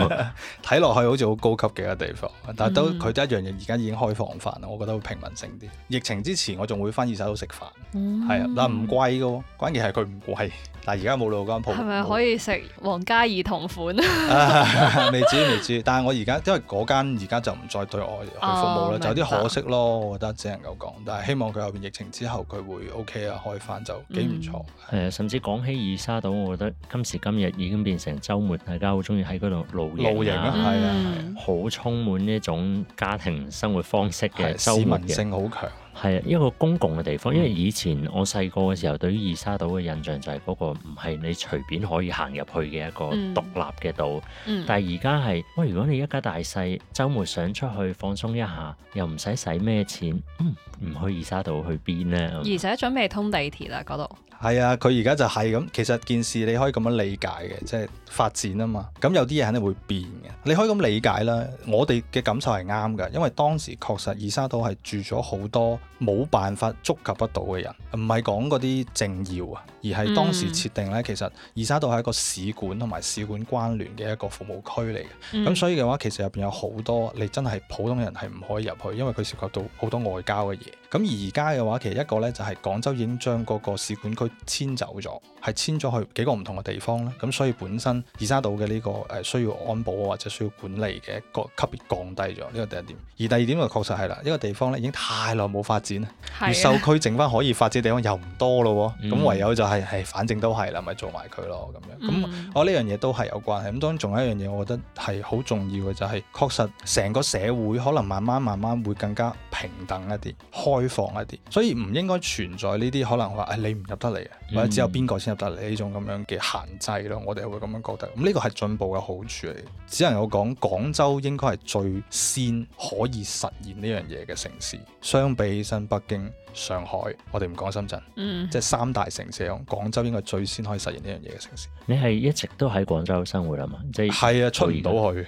睇落 去好似好高級嘅一個地方，但係都佢得、嗯、一樣嘢，而家已經開放返啦。我覺得會平民性啲。疫情之前我仲會翻二沙島食飯，係啊、嗯，但唔貴噶，關鍵係佢唔貴。但係而家冇咗嗰間鋪。係咪、嗯、可以食王嘉爾同款 啊？未知未知。但係我而家因為嗰間而家就唔再對外去服務啦，哦、就有啲可惜咯。嗯、我覺得只能夠講，但係希望佢後邊疫情之後佢。會 OK 啊，開返就幾唔錯，誒、嗯，是甚至講起二沙島，我覺得今時今日已經變成周末大家好中意喺嗰度露營啊，露營，係啊，好、嗯啊、充滿呢種家庭生活方式嘅市民性好強。係啊，一個公共嘅地方，因為以前我細個嘅時候對於二沙島嘅印象就係嗰個唔係你隨便可以行入去嘅一個獨立嘅島。嗯嗯、但係而家係，喂，如果你一家大細週末想出去放鬆一下，又唔使使咩錢，唔、嗯、去二沙島去邊呢？而且準備通地鐵啦，嗰度。係啊，佢而家就係咁。其實件事你可以咁樣理解嘅，即係發展啊嘛。咁有啲嘢肯定會變嘅，你可以咁理解啦。我哋嘅感受係啱㗎，因為當時確實二沙島係住咗好多冇辦法觸及得到嘅人，唔係講嗰啲政要啊，而係當時設定呢。嗯、其實二沙島係一個使館同埋使館關聯嘅一個服務區嚟嘅。咁、嗯、所以嘅話，其實入邊有好多你真係普通人係唔可以入去，因為佢涉及到好多外交嘅嘢。咁而家嘅話，其實一個咧就係廣州已經將嗰個使館區遷走咗，係遷咗去幾個唔同嘅地方啦。咁所以本身二沙島嘅呢個誒需要安保啊或者需要管理嘅一個級別降低咗，呢個第一點，而第二點就確實係啦，呢個地方咧已經太耐冇發展啦，越、啊、秀區剩翻可以發展嘅地方又唔多咯。咁、嗯、唯有就係、是、係、哎、反正都係啦，咪做埋佢咯咁樣，咁我呢樣嘢都係有關係，咁當然仲有一樣嘢，我覺得係好重要嘅就係、是、確實成個社會可能慢慢慢慢會更加平等一啲，開。開放一啲，所以唔應該存在呢啲可能話誒、哎、你唔入得嚟啊，或者只有邊個先入得嚟呢種咁樣嘅限制咯。我哋會咁樣覺得，咁呢個係進步嘅好處嚟。只能夠講，廣州應該係最先可以實現呢樣嘢嘅城市。相比起身北京、上海，我哋唔講深圳，嗯、即係三大城市，廣州應該最先可以實現呢樣嘢嘅城市。你係一直都喺廣州生活啦嘛？即係啊，出唔到去，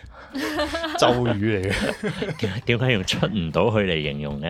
咒 語嚟嘅。點解用出唔到去嚟形容呢？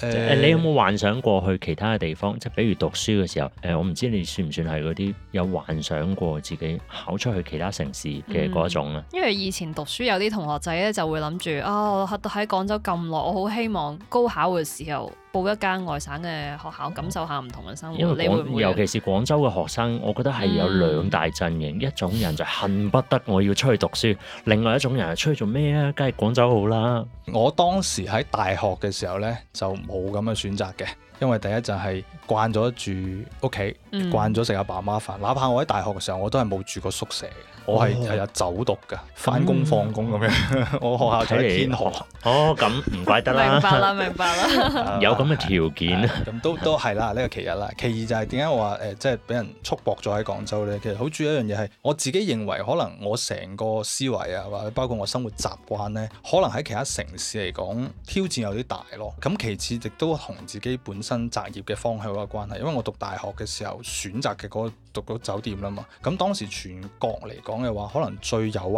誒，嗯、你有冇幻想過去其他嘅地方？即係比如讀書嘅時候，誒、呃，我唔知你算唔算係嗰啲有幻想過自己考出去其他城市嘅嗰一種咧、嗯？因為以前讀書有啲同學仔咧，就會諗住啊，喺、哦、廣州咁耐，我好希望高考嘅時候。報一間外省嘅學校，感受下唔同嘅生活。因為你尤其是廣州嘅學生，我覺得係有兩大陣營，嗯、一種人就恨不得我要出去讀書，另外一種人係出去做咩啊？梗係廣州好啦。我當時喺大學嘅時候呢，就冇咁嘅選擇嘅，因為第一就係慣咗住屋企，慣咗食阿爸，爸媽，媽飯，哪怕我喺大學嘅時候，我都係冇住過宿舍嘅。我係係啊，天天走讀噶，翻工放工咁樣。我學校就喺天河。哦，咁唔怪得啦。明白啦，明白啦。有咁嘅條件，咁都都係啦。呢個其一啦。其二就係點解我話誒，即係俾人束縛咗喺廣州呢。其實好主要一樣嘢係，我自己認為可能我成個思維啊，或者包括我生活習慣呢，可能喺其他城市嚟講挑戰有啲大咯。咁其次亦都同自己本身擇業嘅方向有關係，因為我讀大學嘅時候選擇嘅嗰個讀到酒店啦嘛。咁當時全國嚟講。又話可能最有效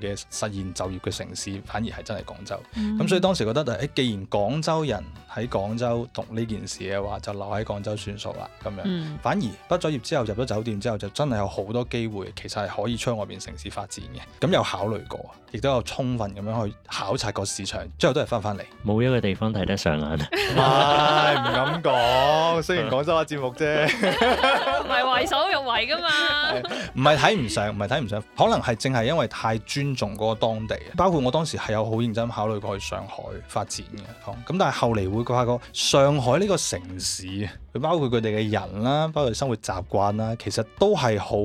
嘅實現就業嘅城市，反而係真係廣州。咁、嗯、所以當時覺得就係、欸、既然廣州人。喺廣州讀呢件事嘅話，就留喺廣州算數啦。咁樣，嗯、反而畢咗業之後入咗酒店之後，就真係有好多機會，其實係可以出外邊城市發展嘅。咁有考慮過，亦都有充分咁樣去考察個市場，之後都係翻返嚟。冇一個地方睇得上眼啊！唔 敢講，雖然廣州話節目啫，唔 係 為所欲為噶嘛。唔係睇唔上，唔係睇唔上， 可能係正係因為太尊重嗰個當地。包括我當時係有好認真考慮過去上海發展嘅，咁但係後嚟會。佢發覺上海呢個城市，佢包括佢哋嘅人啦，包括生活習慣啦，其實都係好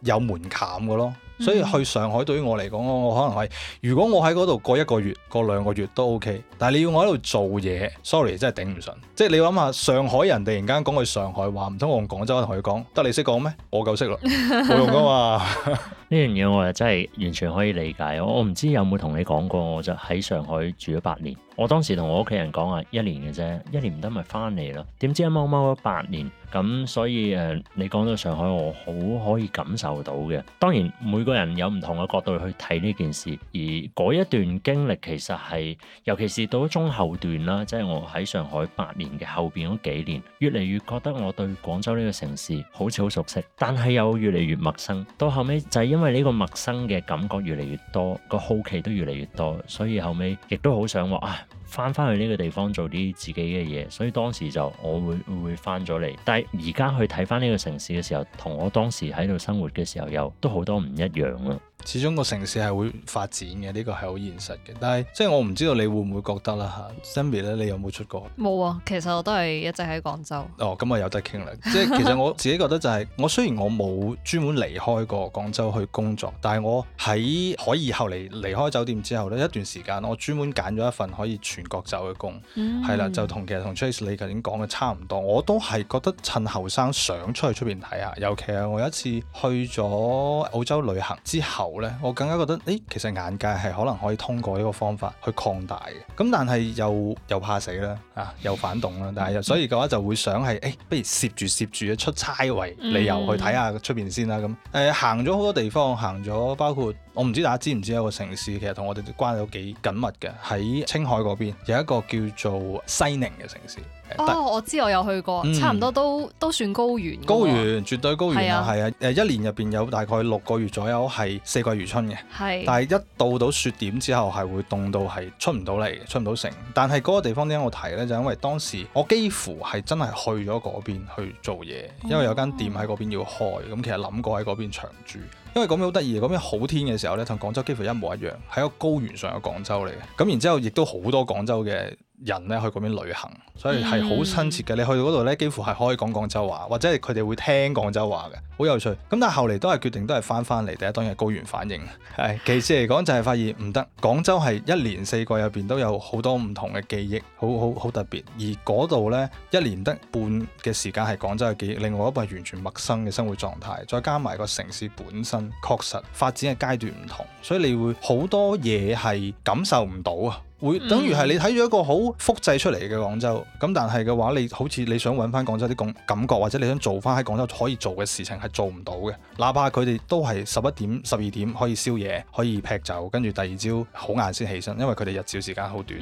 有門檻嘅咯。嗯、所以去上海對於我嚟講，我可能係如果我喺嗰度過一個月，過兩個月都 OK，但係你要我喺度做嘢，sorry 真係頂唔順。即係你諗下，上海人突然間講句上海話，唔通我用廣州話同佢講，得你識講咩？我夠識啦，冇用噶嘛。 呢樣嘢我係真係完全可以理解，我唔知有冇同你講過，我就喺上海住咗八年。我當時同我屋企人講話，一年嘅啫，一年唔得咪翻嚟咯。點知一踎踎咗八年，咁所以誒，你講到上海，我好可以感受到嘅。當然每個人有唔同嘅角度去睇呢件事，而嗰一段經歷其實係，尤其是到咗中後段啦，即係我喺上海八年嘅後邊嗰幾年，越嚟越覺得我對廣州呢個城市好似好熟悉，但係又越嚟越陌生。到後尾，就係因為呢個陌生嘅感覺越嚟越多，個好奇都越嚟越多，所以後尾亦都好想話啊，翻返去呢個地方做啲自己嘅嘢，所以當時就我會會翻咗嚟。但係而家去睇翻呢個城市嘅時候，同我當時喺度生活嘅時候，又都好多唔一樣啦。始終個城市係會發展嘅，呢個係好現實嘅。但係即係我唔知道你會唔會覺得啦嚇。Zenbi 咧， Zenbi，你有冇出過？冇啊，其實我都係一直喺廣州。 哦，咁啊有得傾啦。即係其實我自己覺得就係，我雖然我冇專門離開過廣州去工作，但係我喺可以後嚟離，離開酒店之後呢一段時間我專門揀咗一份可以全國走嘅工係啦，就同其實同 Trace 你頭先講嘅差唔多，我都係覺得趁後生想出去出邊睇下，尤其係我有一次去咗澳洲旅行之後呢，我更加覺得誒、欸，其實眼界係可能可以通過呢個方法去擴大嘅。咁但係又又怕死啦，啊又反動啦，但係所以嘅話就會想係誒，不、欸、如攝住攝住嘅出差為理由去睇下出邊先啦。咁、嗯、誒、嗯嗯嗯、行咗好多地方，行咗包括我唔知大家知唔知有個城市，其實同我哋關係都幾緊密嘅，喺青海嗰邊。有一個叫做西寧嘅城市。哦，對我知我有去過，嗯、差唔多都都算高原。高原，絕對高原啊，係啊，誒一年入邊有大概六個月左右係四季如春嘅。是但係一到到雪點之後，係會凍到係出唔到嚟，出唔到城。但係嗰個地方點解我提呢？就因為當時我幾乎係真係去咗嗰邊去做嘢，哦、因為有間店喺嗰邊要開，咁其實諗過喺嗰邊長住。因為嗰邊好得意啊！嗰邊好天嘅時候呢，同廣州幾乎一模一樣，係一個高原上嘅廣州嚟嘅。咁然之後，亦都好多廣州嘅。人呢去嗰邊旅行，所以係好親切嘅。你去到嗰度呢，幾乎係可以講廣州話，或者佢哋會聽廣州話嘅，好有趣。咁但係後嚟都係決定都係翻翻嚟。第一，當然係高原反應。係是其次嚟講就係發現唔得。廣州係一年四季入邊都有好多唔同嘅記憶，好好好特別。而嗰度呢，一年得半嘅時間，係廣州嘅記憶，另外一個係完全陌生嘅生活狀態，再加埋個城市本身確實發展嘅階段唔同，所以你會好多嘢係感受唔到啊。會等於係你睇咗一個好複製出嚟嘅廣州，咁但係嘅話，你好似你想揾翻廣州啲感感覺，或者你想做翻喺廣州可以做嘅事情，係做唔到嘅。哪怕佢哋都係十一點、十二點可以宵夜，可以劈酒，跟住第二朝好晏先起身，因為佢哋日照時間好短。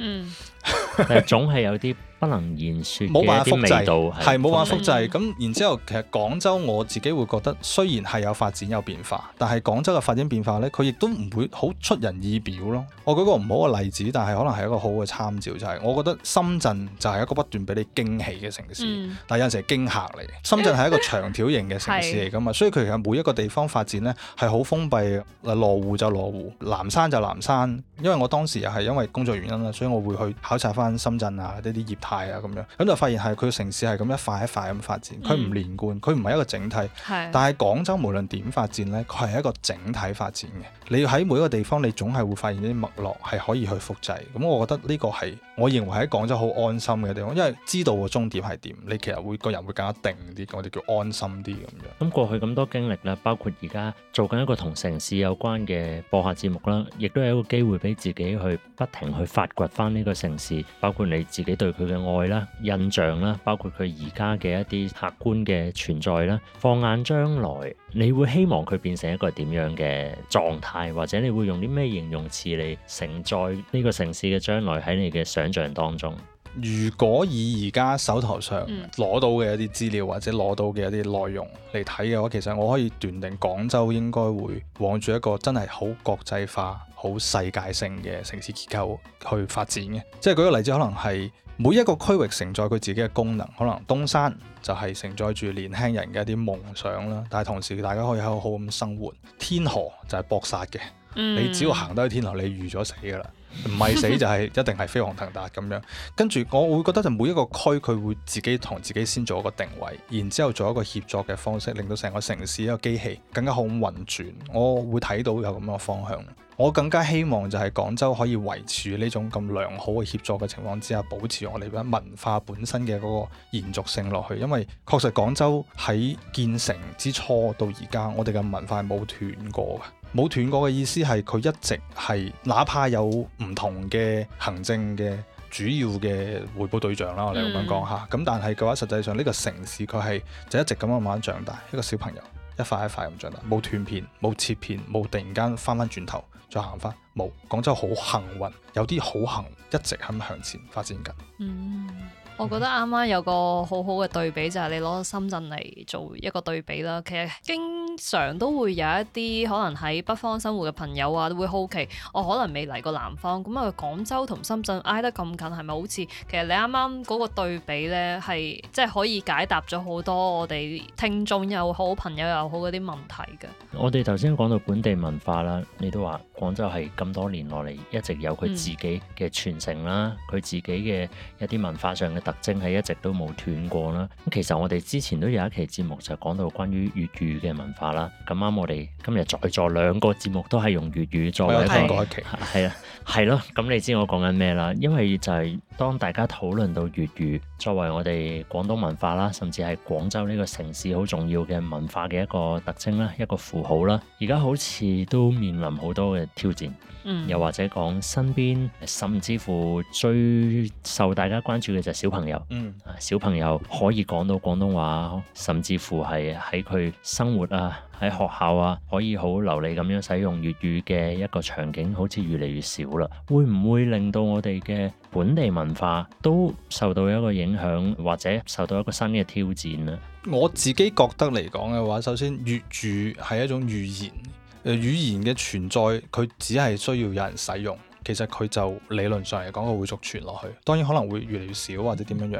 但係、嗯、 總係有啲不能言說嘅啲味，味、嗯、味道，係冇辦法複製。咁、嗯、然之後，其實廣州我自己會覺得，雖然係有發展有變化，但係廣州嘅發展變化呢，佢亦都唔會好出人意表咯。我舉個唔好嘅例子，但係可能係一個好嘅參照，就係、是、我覺得深圳就係一個不斷俾你驚喜嘅城市，嗯、但係有陣時驚嚇嚟。深圳係一個長條型嘅城市嚟噶嘛， 是所以佢其實每一個地方發展呢係好封閉，嗱羅湖就羅湖，南山就南山。因為我當時又係因為工作原因啦，所以我會去考察翻深圳啊呢啲業態啊咁樣，咁就發現係佢城市係咁一塊一塊咁發展，佢唔、嗯、連貫，佢唔係一個整體。是但係廣州無論點發展呢，佢係一個整體發展嘅。你要喺每一個地方，你總係會發現啲落係可以去複製，咁我覺得呢個係我認為喺廣州好安心嘅地方，因為知道個終點係點，你其實會個人會更加定啲，我哋叫安心啲咁樣。咁過去咁多經歷啦，包括而家做緊一個同城市有關嘅播客節目啦，亦都係一個機會俾自己去不停去發掘返呢個城市，包括你自己對佢嘅愛啦、印象啦，包括佢而家嘅一啲客觀嘅存在啦，放眼將來。你會希望佢變成一個點樣嘅狀態，或者你會用啲咩形容詞嚟承載呢個城市嘅將來喺你嘅想象當中？如果以而家手頭上攞到嘅一啲資料或者攞到嘅一啲內容嚟睇嘅話，其實我可以斷定廣州應該會往住一個真係好國際化、好世界性嘅城市結構去發展嘅。即係舉個例子，可能係。每一個區域承載佢自己嘅功能，可能東山就係承載住年輕人嘅一啲夢想啦，但係同時大家可以喺度好咁生活。天河就係搏殺嘅，嗯、你只要行得去天河，你預咗死噶啦，唔係死就係、是、 一定係飛黃騰達咁樣。跟住我會覺得就每一個區佢會自己同自己先做一個定位，然之後做一個協作嘅方式，令到成個城市一個機器更加好咁運轉。我會睇到有咁樣嘅方向。我更加希望就係廣州可以維持呢種咁良好嘅協助嘅情況之下，保持我哋文化本身嘅嗰個延續性落去。因為確實廣州喺建成之初到而家，我哋嘅文化冇斷過。冇斷過嘅意思係佢一直係，哪怕有唔同嘅行政嘅主要嘅彙報對象啦，嗯、我哋咁樣講吓。咁但係嘅話，實際上呢個城市佢係就一直咁樣慢慢長大，一個小朋友。一塊一塊咁進得，冇斷片，冇切片，冇突然間返返轉頭再行返，冇，廣州好幸運，有啲好幸，一直喺向前發展緊。嗯我覺得啱啱有個好好嘅對比就係你攞深圳嚟做一個對比啦。其實經常都會有一啲可能喺北方生活嘅朋友啊都會好奇，我可能未嚟過南方，咁啊廣州同深圳挨得咁近，係咪好似？其實你啱啱嗰個對比呢，係即係可以解答咗好多我哋聽眾又好朋友又好嗰啲問題嘅。我哋頭先講到本地文化啦，你都話。廣州係咁多年落嚟，一直有佢自己嘅傳承啦，佢、嗯、自己嘅一啲文化上嘅特徵係一直都冇斷過啦。咁其實我哋之前都有一期節目就講到關於粵語嘅文化啦。咁啱我哋今日在座兩個節目都係用粵語作為一個，係啊係咯。咁、 嗯、你知我講緊咩啦？因為就係當大家討論到粵語。作為我哋廣東文化啦，甚至係廣州呢個城市好重要嘅文化嘅一個特徵啦，一個符號啦，而家好似都面臨好多嘅挑戰。Mm. 又或者講身邊，甚至乎最受大家關注嘅就係小朋友。嗯，mm. 小朋友可以講到廣東話，甚至乎係喺佢生活啊、喺學校啊，可以好流利咁樣使用粵語嘅一個場景，好似越嚟越少啦。會唔會令到我哋嘅本地文化都受到一個影響，或者受到一個新嘅挑戰呢？我自己覺得嚟講嘅話，首先粵語係一種語言。誒語言嘅存在，佢只係需要有人使用，其實佢就理論上嚟講，佢會續傳落去。當然可能會越嚟越少或者點樣樣。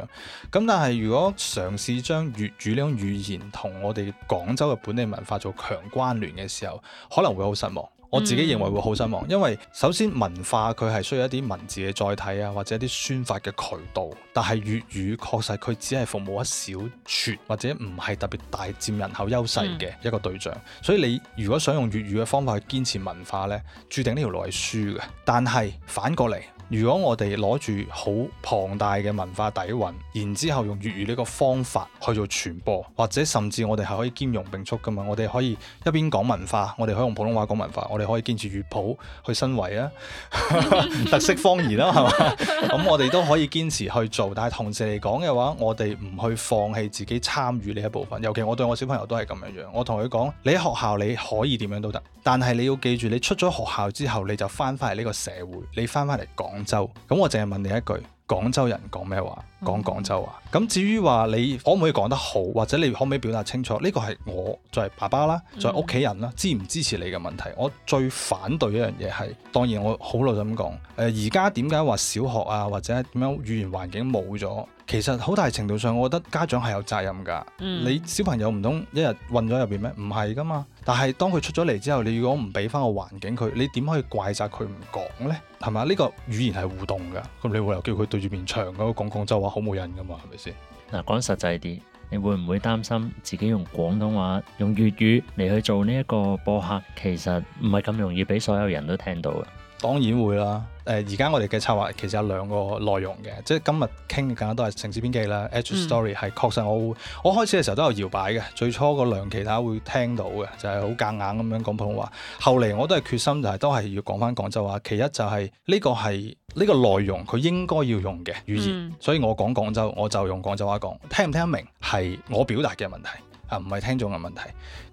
咁但係如果嘗試將粵語呢種語言同我哋廣州嘅本地文化做強關聯嘅時候，可能會好失望。我自己認為會好失望，因為首先文化佢係需要一啲文字嘅載體啊，或者一啲宣發嘅渠道。但係粵語確實佢只係服務一小撮，或者唔係特別大佔人口優勢嘅一個對象。嗯。所以你如果想用粵語嘅方法去堅持文化呢，注定呢條路係輸嘅。但係反過嚟。如果我哋攞住好龐大嘅文化底蘊，然之後用粵語呢個方法去做傳播，或者甚至我哋係可以兼容並蓄噶嘛？我哋可以一邊講文化，我哋可以用普通話講文化，我哋可以堅持粵普去身維啊， 特色方言啦、啊，係嘛？咁、 嗯、我哋都可以堅持去做，但係同時嚟講嘅話，我哋唔去放棄自己參與呢一部分。尤其我對我小朋友都係咁樣樣，我同佢講：你喺學校你可以點樣都得，但係你要記住，你出咗學校之後你就翻返嚟呢個社會，你翻返嚟講。州咁，我淨係問你一句：廣州人講咩話？講廣州話。咁至於話你可唔可以講得好，或者你可唔可以表達清楚？呢個係我作為爸爸啦，作為屋企人啦，支唔支持你嘅問題。我最反對一樣嘢係，當然我好耐咁講。誒、呃，而家點解話小學啊，或者點樣語言環境冇咗？其實好大程度上，我覺得家長係有責任㗎。嗯、你小朋友唔通一日混咗入邊咩？唔係㗎嘛。但係當佢出咗嚟之後，你如果唔俾翻個環境佢，你點可以怪責佢唔講呢？係咪？呢個語言係互動㗎。咁你會唔會叫佢對住面牆咁講廣州話好冇癮㗎嘛？係咪先？嗱，講實際啲，你會唔會擔心自己用廣東話、用粵語嚟去做呢一個播客，其實唔係咁容易俾所有人都聽到㗎？當然會啦。誒、呃，而家我哋嘅策劃其實有兩個內容嘅，即係今日傾嘅更加多係城市編譯城事邊記啦。Edge Story 係確實我我開始嘅時候都有搖擺嘅，最初嗰兩期大家會聽到嘅，就係好夾硬咁樣講普通話。後嚟我都係決心就係都係要講翻廣州話。其一就係呢個係呢、呢個內容佢應該要用嘅語言，嗯、所以我講廣州我就用廣州話講。聽唔聽得明係我表達嘅問題啊，唔係聽眾嘅問題。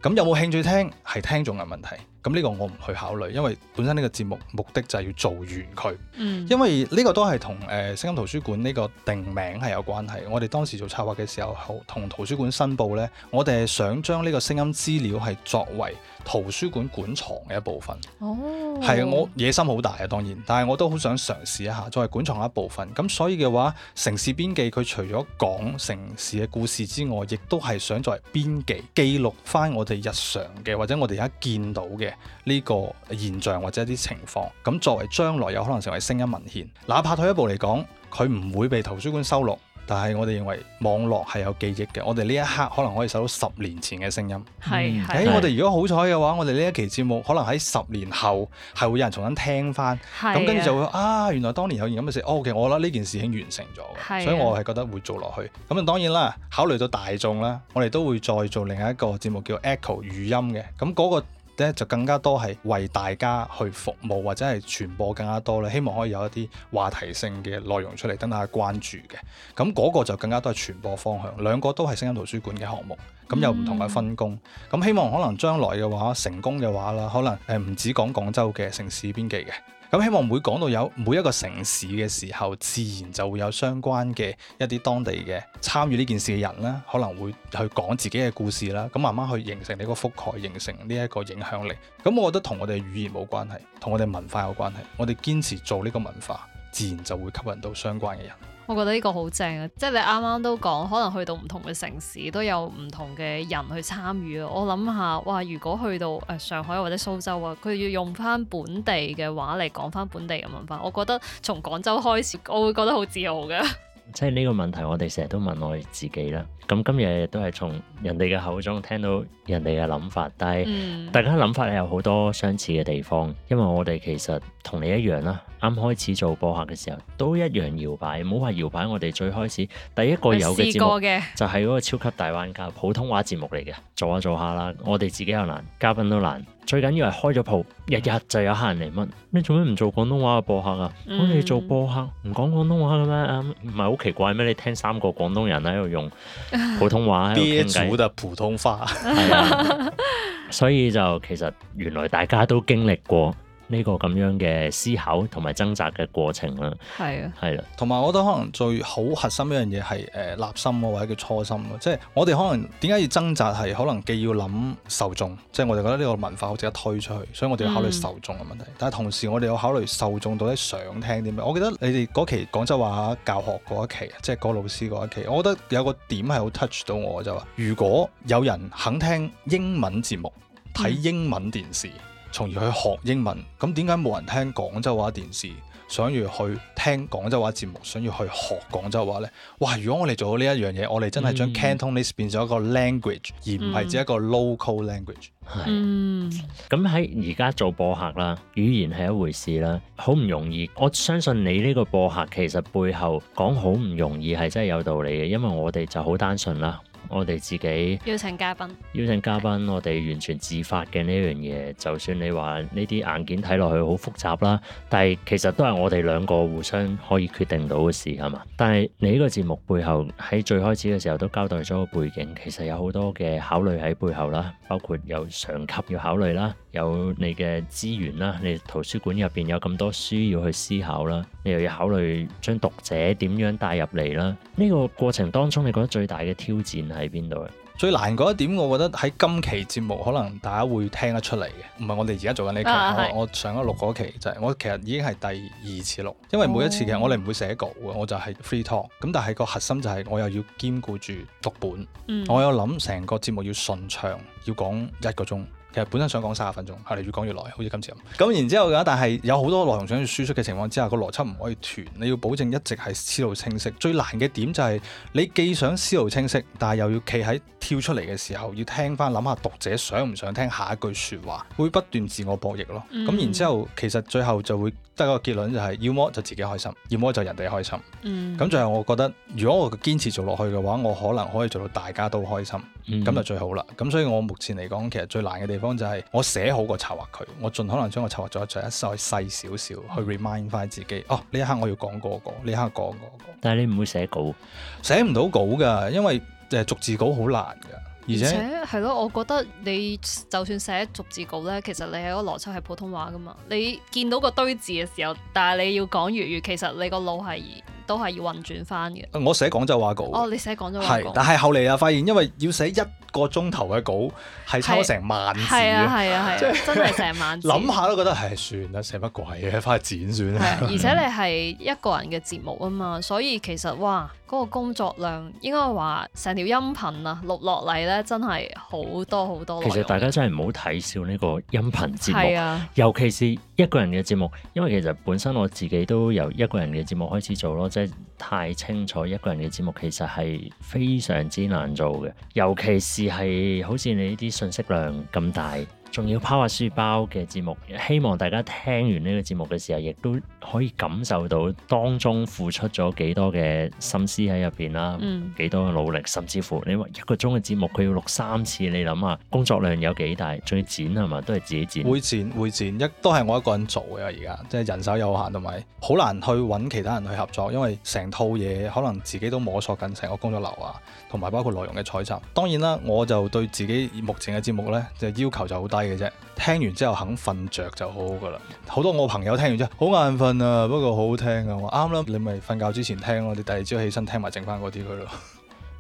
咁有冇興趣聽係聽眾嘅問題。咁呢個我唔去考慮，因為本身呢個節目目的就係要做完佢，嗯、因為呢個都係同誒聲音圖書館呢個定名係有關係。我哋當時做策劃嘅時候，同圖書館申報呢，我哋係想將呢個聲音資料係作為圖書館館藏嘅一部分。係、哦、我野心好大啊，當然，但係我都好想嘗試一下作為館藏一部分。咁所以嘅話，城事邊記佢除咗講城市嘅故事之外，亦都係想作為邊記記錄返我哋日常嘅或者我哋而家見到嘅。呢個現象或者一啲情況咁，作為將來有可能成為聲音文獻，哪怕退一步嚟講，佢唔會被圖書館收錄，但係我哋認為網絡係有記憶嘅。我哋呢一刻可能可以收到十年前嘅聲音，係、嗯。我哋如果好彩嘅話，我哋呢一期節目可能喺十年後係會有人重新聽翻，咁跟住就會啊，原來當年有咁嘅事。哦，OK，我覺得呢件事情已經完成咗，的所以我係覺得會做落去。咁啊，當然啦，考慮到大眾啦，我哋都會再做另一個節目叫 Echo 語音嘅。咁、那、嗰個。咧就更加多係為大家去服務，或者係傳播更加多咧，希望可以有一啲話題性嘅內容出嚟，等大家關注嘅。咁嗰個就更加多係傳播方向。兩個都係聲音圖書館嘅項目，咁有唔同嘅分工。咁、嗯、希望可能將來嘅話成功嘅話啦，可能誒唔止講廣州嘅城事邊記嘅。咁希望每講到有每一個城市嘅時候，自然就會有相關嘅一啲當地嘅參與呢件事嘅人啦，可能會去講自己嘅故事啦，咁慢慢去形成呢個覆蓋，形成呢一個影響力。咁我覺得同我哋語言冇關係，同我哋文化有關係。我哋堅持做呢個文化，自然就會吸引到相關嘅人。我覺得呢個好正啊！即係你啱啱都講，可能去到唔同嘅城市都有唔同嘅人去參與咯。我諗下，哇！如果去到誒、呃、上海或者蘇州啊，佢哋要用翻本地嘅話嚟講翻本地嘅文化，我覺得從廣州開始，我會覺得好自豪㗎。即係呢個問題，我哋成日都問我自己啦。咁今日都係從人哋嘅口中聽到人哋嘅諗法，但係大家諗法有好多相似嘅地方，因為我哋其實。同你一樣啦，啱開始做播客嘅時候都一樣搖擺，唔好話搖擺。我哋最開始第一個有嘅節目就係嗰個超級大灣+普通話節目嚟嘅，做下做下啦。我哋自己又難，嘉賓都難。最緊要係開咗鋪，日日就有客人嚟問。你做咩唔做廣東話嘅播客啊？嗯、我哋做播客唔講廣東話嘅咩？唔係好奇怪咩？你聽三個廣東人喺度用普通話喺度傾計，冇 普通話。 所以就其實原來大家都經歷過。呢個咁樣嘅思考同埋掙扎嘅過程啦，係啊的，係啦的，同埋我覺得可能最好核心一樣嘢係誒立心啊，或者叫初心啊，即係我哋可能點解要掙扎係可能既要諗受眾，即係我哋覺得呢個文化好值得推出去，所以我哋要考慮受眾嘅問題。嗯、但係同時我哋要考慮受眾到底想聽啲咩。我記得你哋嗰期廣州話教學嗰一期，即係嗰老師嗰一期，我覺得有個點係好 touch 到我就話、是，如果有人肯聽英文節目、睇英文電視。嗯從而去學英文，咁點解冇人聽廣州話電視，想要去聽廣州話節目，想要去學廣州話呢？哇！如果我哋做到呢一樣嘢，我哋真係將 Cantonese 變咗一個 language，、嗯、而唔係只一個 local language。係、嗯。咁喺而家做播客啦，語言係一回事啦，好唔容易。我相信你呢個播客其實背後講好唔容易係真係有道理嘅，因為我哋就好單純啦。我哋自己邀請嘉賓，邀請嘉賓，我哋完全自發嘅呢樣嘢，就算你話呢啲硬件睇落去好複雜啦，但係其實都係我哋兩個互相可以決定到嘅事，係嘛？但係你呢個節目背後喺最開始嘅時候都交代咗個背景，其實有好多嘅考慮喺背後啦，包括有上級要考慮啦。有你嘅資源啦，你圖書館入邊有咁多書要去思考啦，你又要考慮將讀者點樣帶入嚟啦。呢、呢個過程當中，你覺得最大嘅挑戰喺邊度咧？最難嗰一點，我覺得喺今期節目可能大家會聽得出嚟嘅。唔係，我哋而家做緊呢期我上一六個期，就係，就係我其實已經係第二次錄，因為每一次其實我哋唔會寫稿嘅，我就係 free talk。咁但係個核心就係我又要兼顧住讀本，嗯、我有諗成個節目要順暢，要講一個鐘。其實本身想講三十分鐘，後嚟越講越耐，好似今次咁。咁然之後嘅話，但係有好多內容想要輸出嘅情況之下，個邏輯唔可以斷，你要保證一直係思路清晰。最難嘅點就係你既想思路清晰，但係又要企喺跳出嚟嘅時候，要聽翻諗下讀者想唔想聽下一句説話，會不斷自我博弈咯。咁、嗯、然之後，其實最後就會得一個結論就係、是，要麼就自己開心，要麼就人哋開心。咁最後我覺得，如果我嘅堅持做落去嘅話，我可能可以做到大家都開心，咁、嗯、就最好啦。咁所以我目前嚟講，其實最難嘅方就係我寫好個策劃佢，我盡可能將個策劃再一再細少少去 remind 翻自己，哦，呢一刻我要講嗰個，呢一刻講嗰個。但係你唔會寫稿，寫唔到稿噶，因為誒逐字稿好難噶，而且係咯，我覺得你就算寫逐字稿咧，其實你喺個邏輯係普通話噶嘛，你見到個堆字嘅時候，但係你要講粵語，其實你個腦係。都係要運轉翻嘅、啊。我寫廣州話稿。哦，你寫廣州話稿。係，但係後嚟啊，發現因為要寫一個鐘頭嘅稿，係差咗成萬字。係啊，係啊，係啊，真係成萬字。諗下都覺得係、哎、算啦，寫乜鬼嘢，翻去剪算啦、啊。而且你係一個人嘅節目啊嘛，所以其實哇，嗰、那個工作量應該話成條音頻啊錄落嚟咧，真係好多好多，很多。其實大家真係唔好睇笑呢個音頻節目，啊、尤其是。一個人嘅節目，因為其實本身我自己都由一個人嘅節目開始做咯，即係太清楚一個人嘅節目其實係非常之難做嘅，尤其是係好似你呢啲信息量咁大。仲要拋下書包嘅節目，希望大家聽完呢個節目嘅時候，亦都可以感受到當中付出咗幾多嘅心思喺入邊啦，幾、嗯、多嘅努力，甚至乎你話一個鐘嘅節目佢要錄三次，你諗下工作量有幾大？仲要剪係嘛，都係自己剪，會剪會剪，一都係我一個人做嘅而家，即係人手有限，同埋好難去揾其他人去合作，因為成套嘢可能自己都摸索緊成個工作流啊，同埋包括內容嘅採集。當然啦，我就對自己目前嘅節目呢，就要求就好大。嘅啫，聽完之後肯瞓着就好好噶啦。好多我朋友聽完之後好眼瞓啊，不過好好聽噶。我啱啦，你咪瞓覺之前聽咯，你第二朝起身聽埋剩翻嗰啲佢咯。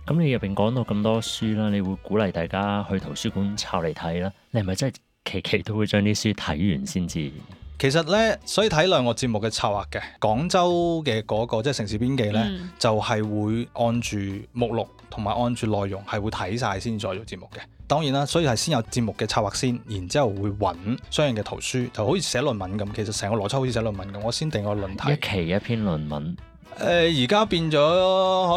咁你入邊講到咁多書啦，你會鼓勵大家去圖書館抄嚟睇啦？你係咪真係期期都會將啲書睇完先至？其實咧，所以睇兩個節目嘅策劃嘅，廣州嘅嗰、嗰個即係城事邊記咧，嗯、就係會按住目錄同埋按住內容係會睇晒先再做節目嘅。當然啦，所以係先有節目嘅策劃先，然之後會揾相應嘅圖書，就好似寫論文咁。其實成個邏輯好似寫論文咁，我先定個論題，一期一篇論文。誒而家變咗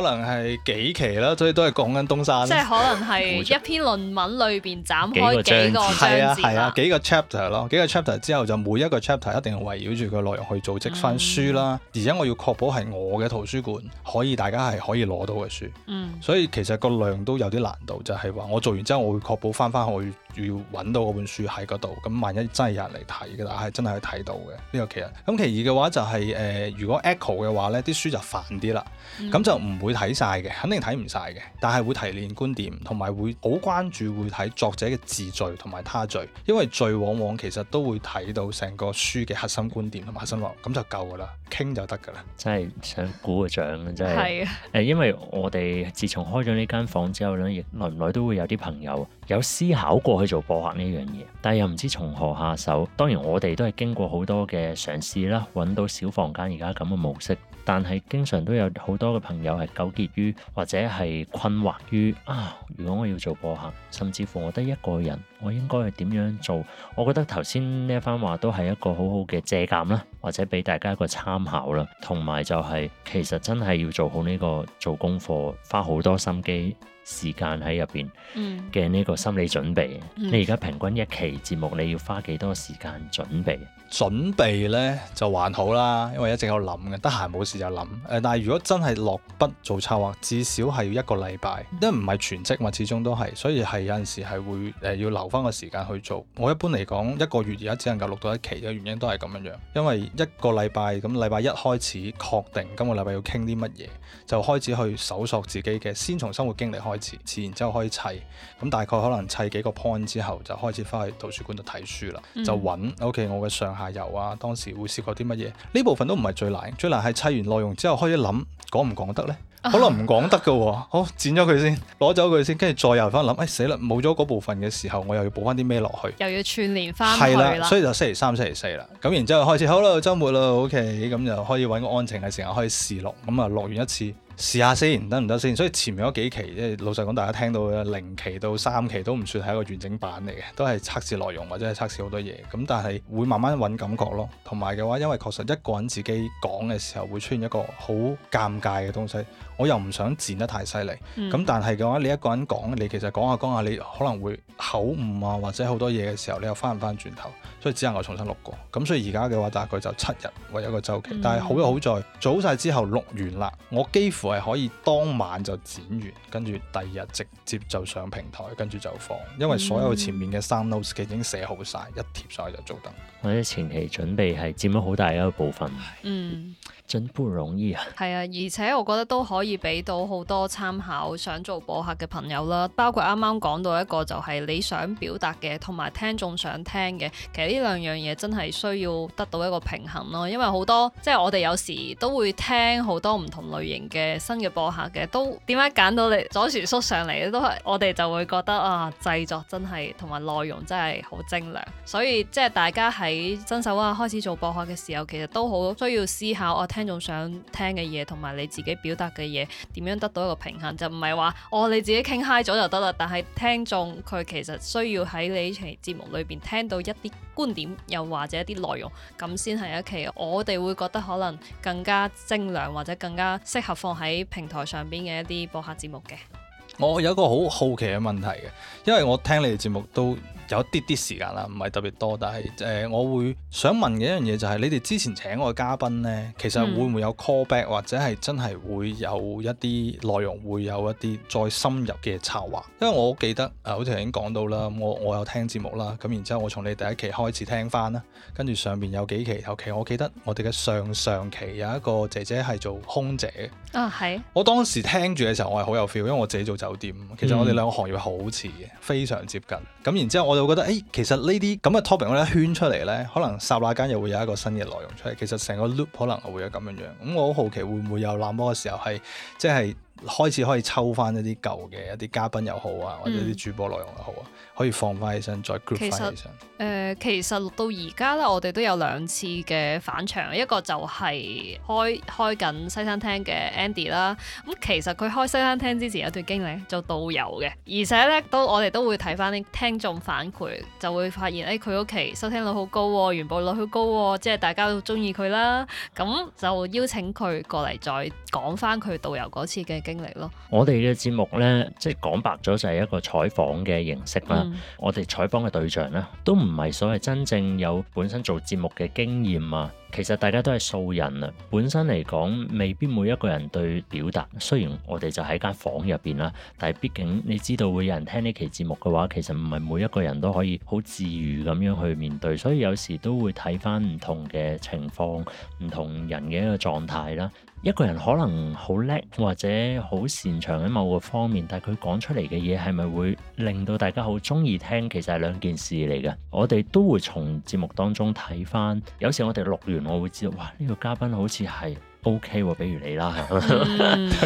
可能係幾期啦，所以都係講緊東山。即係可能係一篇論文裏邊斬開幾個章。個章。係啊係啊，幾個 chapter 咯，幾個 chapter 之後就每一個 chapter 一定係圍繞住個內容去組織翻書啦，嗯、而且我要確保係我嘅圖書館可以大家係可以攞到嘅書。嗯。所以其實個量都有啲難度，就係、是、話我做完之後，我會確保翻翻去。要揾到嗰本書喺嗰度，咁萬一真係有人嚟睇嘅，但係真係睇到嘅呢、這個其實，咁其二嘅話就係、是、誒、呃，如果 Echo 嘅話咧，啲書就煩啲啦，咁、嗯、就唔會睇晒嘅，肯定睇唔晒嘅，但係會提煉觀點，同埋會好關注會睇作者嘅自序同埋他序，因為序往往其實都會睇到成個書嘅核心觀點同核心話，咁就夠噶啦，傾就得噶啦。真係想鼓個掌嘅，真係誒，因為我哋自從開咗呢間房之後咧，亦耐唔耐都會有啲朋友有思考過。做播客呢樣嘢，但係又唔知從何下手。當然我哋都係經過好多嘅嘗試啦，揾到小房間而家咁嘅模式。但係經常都有好多嘅朋友係糾結於或者係困惑於啊，如果我要做播客，甚至乎我得一個人。我應該係點樣做？我覺得頭先呢一番話都係一個好好嘅借鑑啦，或者俾大家一個參考啦。同埋就係、是、其實真係要做好呢、這個做功課，花好多心機時間喺入邊嘅呢個心理準備。嗯、你而家平均一期節目你要花幾多時間準備？嗯、準備呢就還好啦，因為一直有諗嘅，得閒冇事就諗。誒、呃，但係如果真係落筆做策劃，至少係要一個禮拜，因為唔係全職嘛，始終都係，所以係有陣時係會誒、呃、要留。翻個時間去做，我一般嚟講一個月而家只能夠錄到一期嘅原因都係咁樣樣。因為一個禮拜咁禮拜一開始確定今個禮拜要傾啲乜嘢，就開始去搜索自己嘅，先從生活經歷開始，自然之後開始砌，咁大概可能砌幾個 point 之後就開始翻去圖書館度睇書啦，嗯、就揾 OK 我嘅上下游啊，當時會試過啲乜嘢，呢部分都唔係最難，最難係砌完內容之後開始諗講唔講得呢？ 可能唔講得㗎，好剪咗佢先，攞走佢先，跟住再又翻諗，哎死啦，冇咗嗰部分嘅時候，我又要補翻啲咩落去，又要串聯翻。係啦，所以就星期三、星期四啦，咁然之後開始，好啦，週末啦，OK，咁就可以揾個安靜嘅時間可以試落，咁啊落完一次，試下先，得唔得先？所以前面嗰幾期，即係老實講，大家聽到嘅零期到三期都唔算係一個完整版嚟嘅，都係測試內容或者係測試好多嘢，咁但係會慢慢揾感覺咯。同埋嘅話，因為確實一個人自己講嘅時候，會出現一個好尷尬嘅東西。我又唔想剪得太犀利，咁、嗯、但係嘅話你一個人講，你其實講下講下，你可能會口誤啊，或者好多嘢嘅時候，你又翻唔翻轉頭，所以只能我重新錄過。咁所以而家嘅話大概就七日為一個週期，嗯、但係好在好在做晒之後錄完啦，我幾乎係可以當晚就剪完，跟住第二日直接就上平台，跟住就放，因為所有前面嘅 show notes 已經寫好晒，一貼上去就做得。我啲前期準備係佔咗好大一個部分。是嗯。真不容易啊！係啊，而且我覺得都可以俾到好多參考，想做播客嘅朋友啦，包括啱啱講到一個就係你想表達嘅，同埋聽眾想聽嘅，其實呢兩樣嘢真係需要得到一個平衡咯。因為好多即係我哋有時都會聽好多唔同類型嘅新嘅播客嘅，都點解揀到你左薯叔上嚟？都係我哋就會覺得啊，製作真係同埋內容真係好精良。所以即係大家喺新手啊開始做播客嘅時候，其實都好需要思考啊。聽眾想聽嘅嘢，同埋你自己表達嘅嘢，點樣得到一個平衡？就唔係話哦，你自己傾 high 咗就得啦。但係聽眾佢其實需要喺你期節目裏邊聽到一啲觀點，又或者一啲內容，咁先係一期我哋會覺得可能更加精良，或者更加適合放喺平台上邊嘅一啲播客節目嘅。我有一個好好奇嘅問題嘅，因為我聽你哋節目都。有一啲啲時間啦，唔係特別多，但係誒、呃，我會想問嘅一樣嘢就係、是、你哋之前請我嘅嘉賓呢，其實會唔會有 callback 或者係真係會有一啲內容會有一啲再深入嘅策劃？因為我記得好似、啊、已經講到啦，我我有聽節目啦，咁然之後我從你第一期開始聽翻啦，跟住上面有幾期，有期我記得我哋嘅上上期有一個姐姐係做空姐啊，係、oh, right. 我當時聽住嘅時候，我係好有 feel，因為我自己做酒店，其實我哋兩個行業係好似嘅，mm. 非常接近。咁然之後我就覺得，誒、哎，其實呢啲咁嘅 topic 我一圈出嚟咧，可能剎那間又會有一個新嘅內容出嚟。其實成個 loop 可能會有咁樣樣。咁、嗯、我好好奇會唔會有那麼嘅時候係，即係。開始可以抽翻一啲舊嘅一啲嘉賓又好啊，或者啲主播內容又好啊，嗯、可以放翻起身再 group 翻起實身。誒、呃，其實到而家咧，我哋都有兩次嘅返場，一個就係開開緊西餐廳嘅 Andy 啦。咁、嗯、其實佢開西餐廳之前有段經歷做導遊嘅，而且咧都我哋都會睇翻啲聽眾反饋，就會發現誒佢屋企收聽率好高喎、哦，完播率好高喎、哦，即係大家都中意佢啦。咁、嗯、就邀請佢過嚟再講翻佢導遊嗰次嘅。經歷咯，我哋嘅節目呢，即係講白咗就係一個採訪嘅形式啦。嗯、我哋採訪嘅對象呢，都唔係所謂真正有本身做節目嘅經驗啊。其實大家都係素人啊，本身嚟講未必每一個人對表達。雖然我哋就喺間房入邊啦，但係畢竟你知道會有人聽呢期節目嘅話，其實唔係每一個人都可以好自如咁樣去面對。所以有時都會睇返唔同嘅情況、唔同人嘅一個狀態啦。一個人可能好叻或者好擅長喺某個方面，但係佢講出嚟嘅嘢係咪會令到大家好鍾意聽，其實係兩件事嚟嘅。我哋都會從節目當中睇返，有時我哋錄完。我會知道，哇！呢個嘉賓好似係 OK 喎，比如你啦，係咯，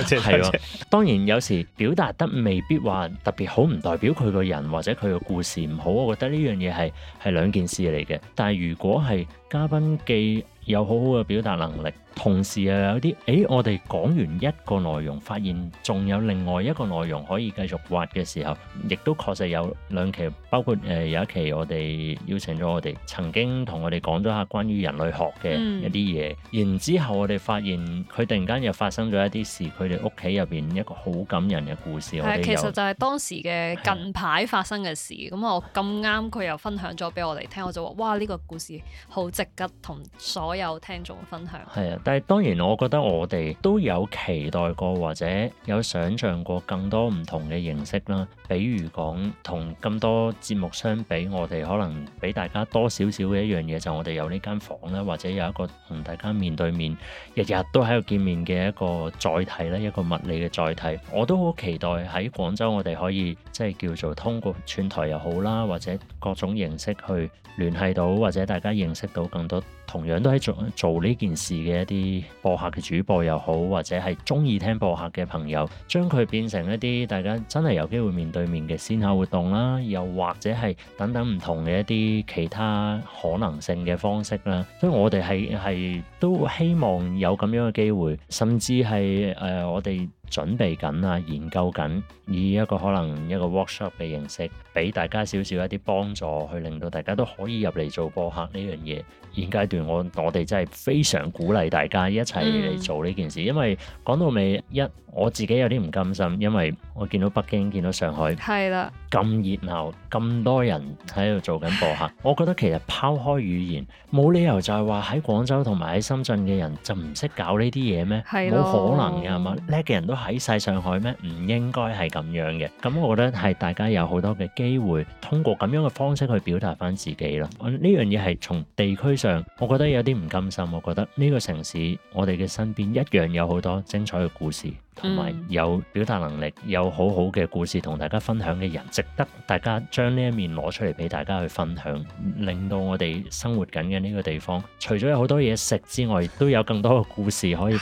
係咯。當然有時表達得未必話特別好，唔代表佢個人或者佢個故事唔好。我覺得呢樣嘢係係兩件事嚟嘅。但係如果係嘉賓既有好好嘅表達能力，同時又有啲，誒、欸，我哋講完一個內容，發現仲有另外一個內容可以繼續挖嘅時候，亦都確實有兩期，包括誒、呃、有一期我哋邀請咗我哋曾經同我哋講咗下關於人類學嘅一啲嘢，嗯、然之後我哋發現佢突然間又發生咗一啲事，佢哋屋企入邊一個好感人嘅故事。係，其實就係當時嘅近排發生嘅事，咁係，我咁啱佢又分享咗俾我哋聽，我就話：哇，呢個故事好值得同所有聽眾分享。係啊。但係當然，我覺得我哋都有期待過或者有想像過更多唔同嘅形式啦。比如講，同咁多節目相比，我哋可能畀大家多少少嘅一樣嘢，就是、我哋有呢間房啦，或者有一個同大家面對面，日日都喺度見面嘅一個載體啦，一個物理嘅載體。我都好期待喺廣州，我哋可以即係叫做通過串台又好啦，或者各種形式去聯繫到，或者大家認識到更多。同樣都係做做呢件事嘅一啲播客嘅主播又好，或者係中意聽播客嘅朋友，將佢變成一啲大家真係有機會面對面嘅線下活動啦，又或者係等等唔同嘅一啲其他可能性嘅方式啦。所以我哋係係都希望有咁樣嘅機會，甚至係誒、呃、我哋準備緊啊，研究緊以一個可能一個 workshop 嘅形式，俾大家少少一啲幫助，去令到大家都可以入嚟做播客呢樣嘢。現階段。我我哋真係非常鼓勵大家一齊嚟做呢件事，嗯、因為講到尾一，我自己有啲唔甘心，因為我見到北京、見到上海係啦咁熱鬧，咁的多人喺度做緊播客，的我覺得其實拋開語言，冇理由就係話喺廣州同埋喺深圳嘅人就唔識搞呢啲嘢咩？冇的可能嘅係嘛？叻嘅人都喺晒上海咩？唔應該係咁樣嘅。咁我覺得係大家有好多嘅機會，通過咁樣嘅方式去表達翻自己咯。呢樣嘢係從地區上。我覺得有啲唔甘心，我覺得呢個城市，我哋嘅身邊一樣有好多精彩嘅故事。同埋有，有表達能力、有好好嘅故事同大家分享嘅人，值得大家將呢一面攞出嚟俾大家去分享，令到我哋生活緊嘅呢個地方，除咗有好多嘢食之外，都有更多嘅故事可以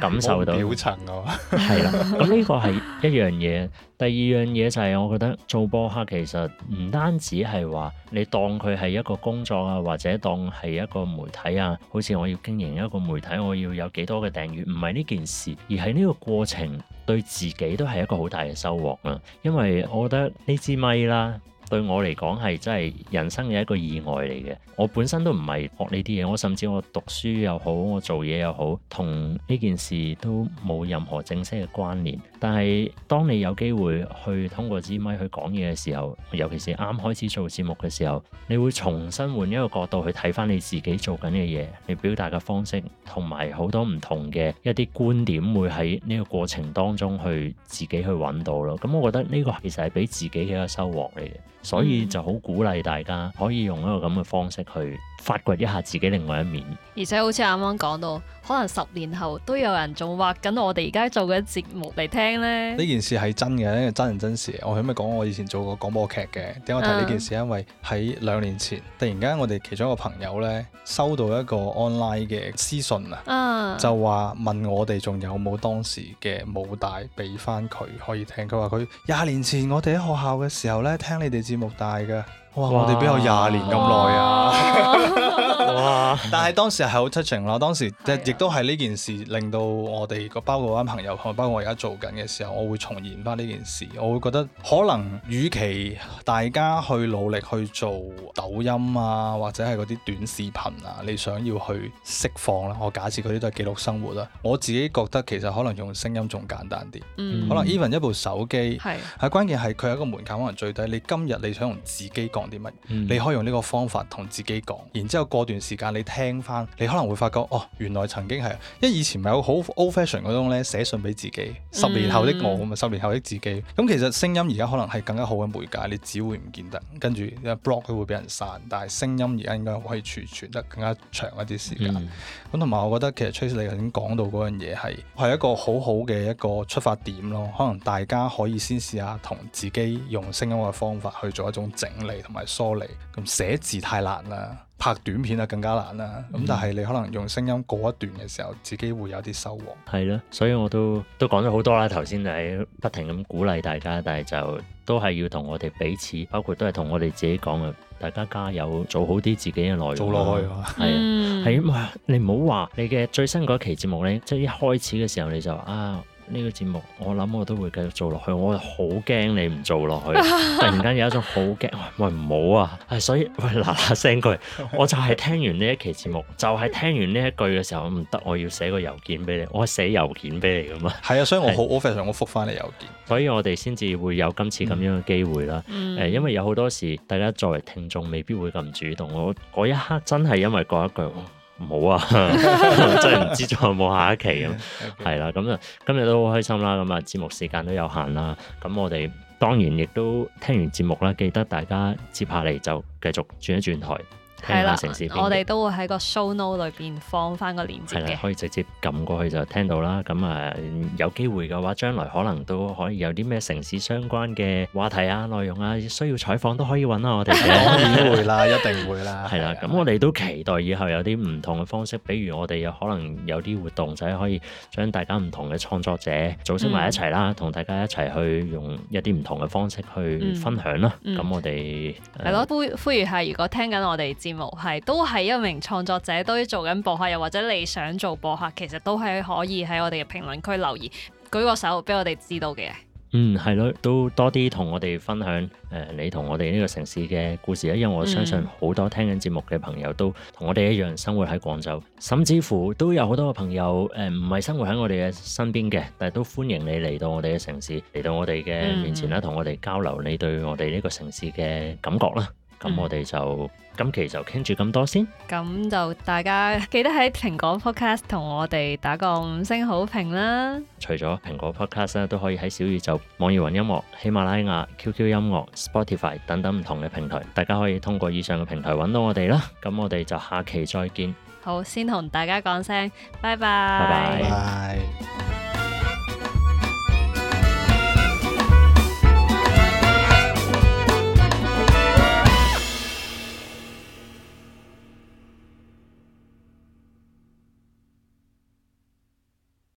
感受到表的層㗎、啊、嘛，係 啦。咁、這、呢個係一樣嘢。第二樣嘢就係我覺得做播客其實唔單止係話你當佢係一個工作啊，或者當係一個媒體啊。好似我要經營一個媒體，我要有幾多嘅訂閱，唔係呢件事，而係呢個過程。對自己都係一個好大嘅收穫啦，因為我覺得呢支咪啦。對我嚟講係真係人生嘅一個意外嚟嘅。我本身都唔係學呢啲嘢，我甚至我讀書又好，我做嘢又好，同呢件事都冇任何正式嘅關聯。但係當你有機會去通過支咪去講嘢嘅時候，尤其是啱開始做節目嘅時候，你會重新換一個角度去睇翻你自己做緊嘅嘢，你表達嘅方式同埋好多唔同嘅一啲觀點會喺呢個過程當中去自己去揾到咯。咁、嗯、我覺得呢個其實係俾自己嘅一個收穫嚟嘅。所以就好鼓勵大家可以用一個咁嘅方式去。發掘一下自己另外一面，而且好似啱啱講到，可能十年後都有人仲畫緊我哋而家做嘅節目嚟聽呢。呢件事係真嘅，因為真人真事。我係咪講我以前做過廣播劇嘅，點解我提呢件事？Uh, 因為喺兩年前，突然間我哋其中一個朋友呢收到一個 online 嘅私信啊，uh, 就話問我哋仲有冇當時嘅母帶俾翻佢可以聽。佢話佢廿年前我哋喺學校嘅時候呢聽你哋節目大嘅。哇！我哋邊有廿年咁耐啊！哇 哇但係當時係好出 o u 咯，的當時即亦都係呢件事令到我哋個包括班朋友，包括我而家做緊嘅時候，我會重現翻呢件事。我會覺得可能與其大家去努力去做抖音啊，或者係嗰啲短視頻啊，你想要去釋放啦。我假設佢啲都係記錄生活啦。我自己覺得其實可能用聲音仲簡單啲。嗯、可能 even 一部手機係，係的關鍵係佢係一個門檻可能最低。你今日你想同自己講啲乜？嗯、你可以用呢個方法同自己講，然之後過段時間你聽翻，你可能會發覺哦，原來曾經係，因為以前咪有好 old fashion 嗰種咧寫信俾自己，十年後的我咪、嗯、十年後的自己。咁、嗯嗯、其實聲音而家可能係更加好嘅媒介，你只會唔見得。跟住 blog 佢會俾人散，但係聲音而家應該可以儲存得更加長一啲時間。咁同埋我覺得其實 Trace 你頭先講到嗰樣嘢係係一個好好嘅一個出發點咯。可能大家可以先試下同自己用聲音嘅方法去做一種整理同埋梳理。咁寫字太難啦。拍短片啊，更加難啦。咁但係你可能用聲音過一段嘅時候，自己會有啲收穫。係咯，所以我都都講咗好多啦。頭先就係不停咁鼓勵大家，但係就都係要同我哋彼此，包括都係同我哋自己講啊。大家加油，做好啲自己嘅內容，做落去。係啊，係啊，你唔好話你嘅最新嗰期節目呢，即係一開始嘅時候你就話啊。呢個節目，我諗我都會繼續做落去。我好驚你唔做落去，突然間有一種好驚。喂，唔好啊！係所以喂，嗱嗱聲句，我就係聽完呢一期節目， 就係聽完呢一句嘅時候唔得，我要寫個郵件俾你。我寫郵件俾你噶嘛？係啊，所以我好，是我非常我覆返你郵件，所以我哋先至會有今次咁樣嘅機會啦。誒，因為有好多時大家作為聽眾未必會咁主動，我嗰一刻真係因為嗰一句。唔好啊， 真係唔知仲有冇下一期咁，係啦 Okay.，咁啊今日都好開心啦，咁啊節目時間都有限啦，咁我哋當然亦都聽完節目啦，記得大家接下嚟就繼續轉一轉台。係啦，城市我哋都會喺個 show note 裏邊放翻個鏈接嘅，可以直接撳過去就聽到啦。咁啊，有機會嘅話將來可能都可以有啲咩城市相關嘅話題啊、內容啊，需要採訪都可以揾我哋。當然會啦，一定會啦。係啦，咁我哋都期待以後有啲唔同嘅方式，比如我哋有可能有啲活動就可以將大家唔同嘅創作者組織埋一齊啦，同大家一齊去用一啲唔同嘅方式去分享啦。咁我哋係咯，呼呼籲下，如果聽緊我哋節係都係一名創作者，都做緊播客，又或者你想做播客，其實都係可以喺我哋嘅評論區留言，舉個手俾我哋知道嘅。嗯，係咯，都多啲同我哋分享誒、呃，你同我哋呢個城市嘅故事啦。因為我相信好多聽緊節目嘅朋友都同我哋一樣生活喺廣州，甚至乎都有好多嘅朋友誒，呃、唔係生活喺我哋嘅身邊嘅，但係都歡迎你嚟到我哋嘅城市，嚟到我哋嘅面前啦，同、嗯、我哋交流你對我哋呢個城市嘅感覺啦。咁我哋就、嗯、今期就傾住咁多先，咁就大家記得喺蘋果 Podcast 同我哋打個五星好評啦。除咗蘋果 Podcast 都可以喺小宇宙、網易雲音樂、喜馬拉雅、QQ 音樂、Spotify 等等唔同嘅平台，大家可以通過以上嘅平台揾到我哋啦。咁我哋就下期再見。好，先同大家講聲拜拜。拜拜。Bye bye bye bye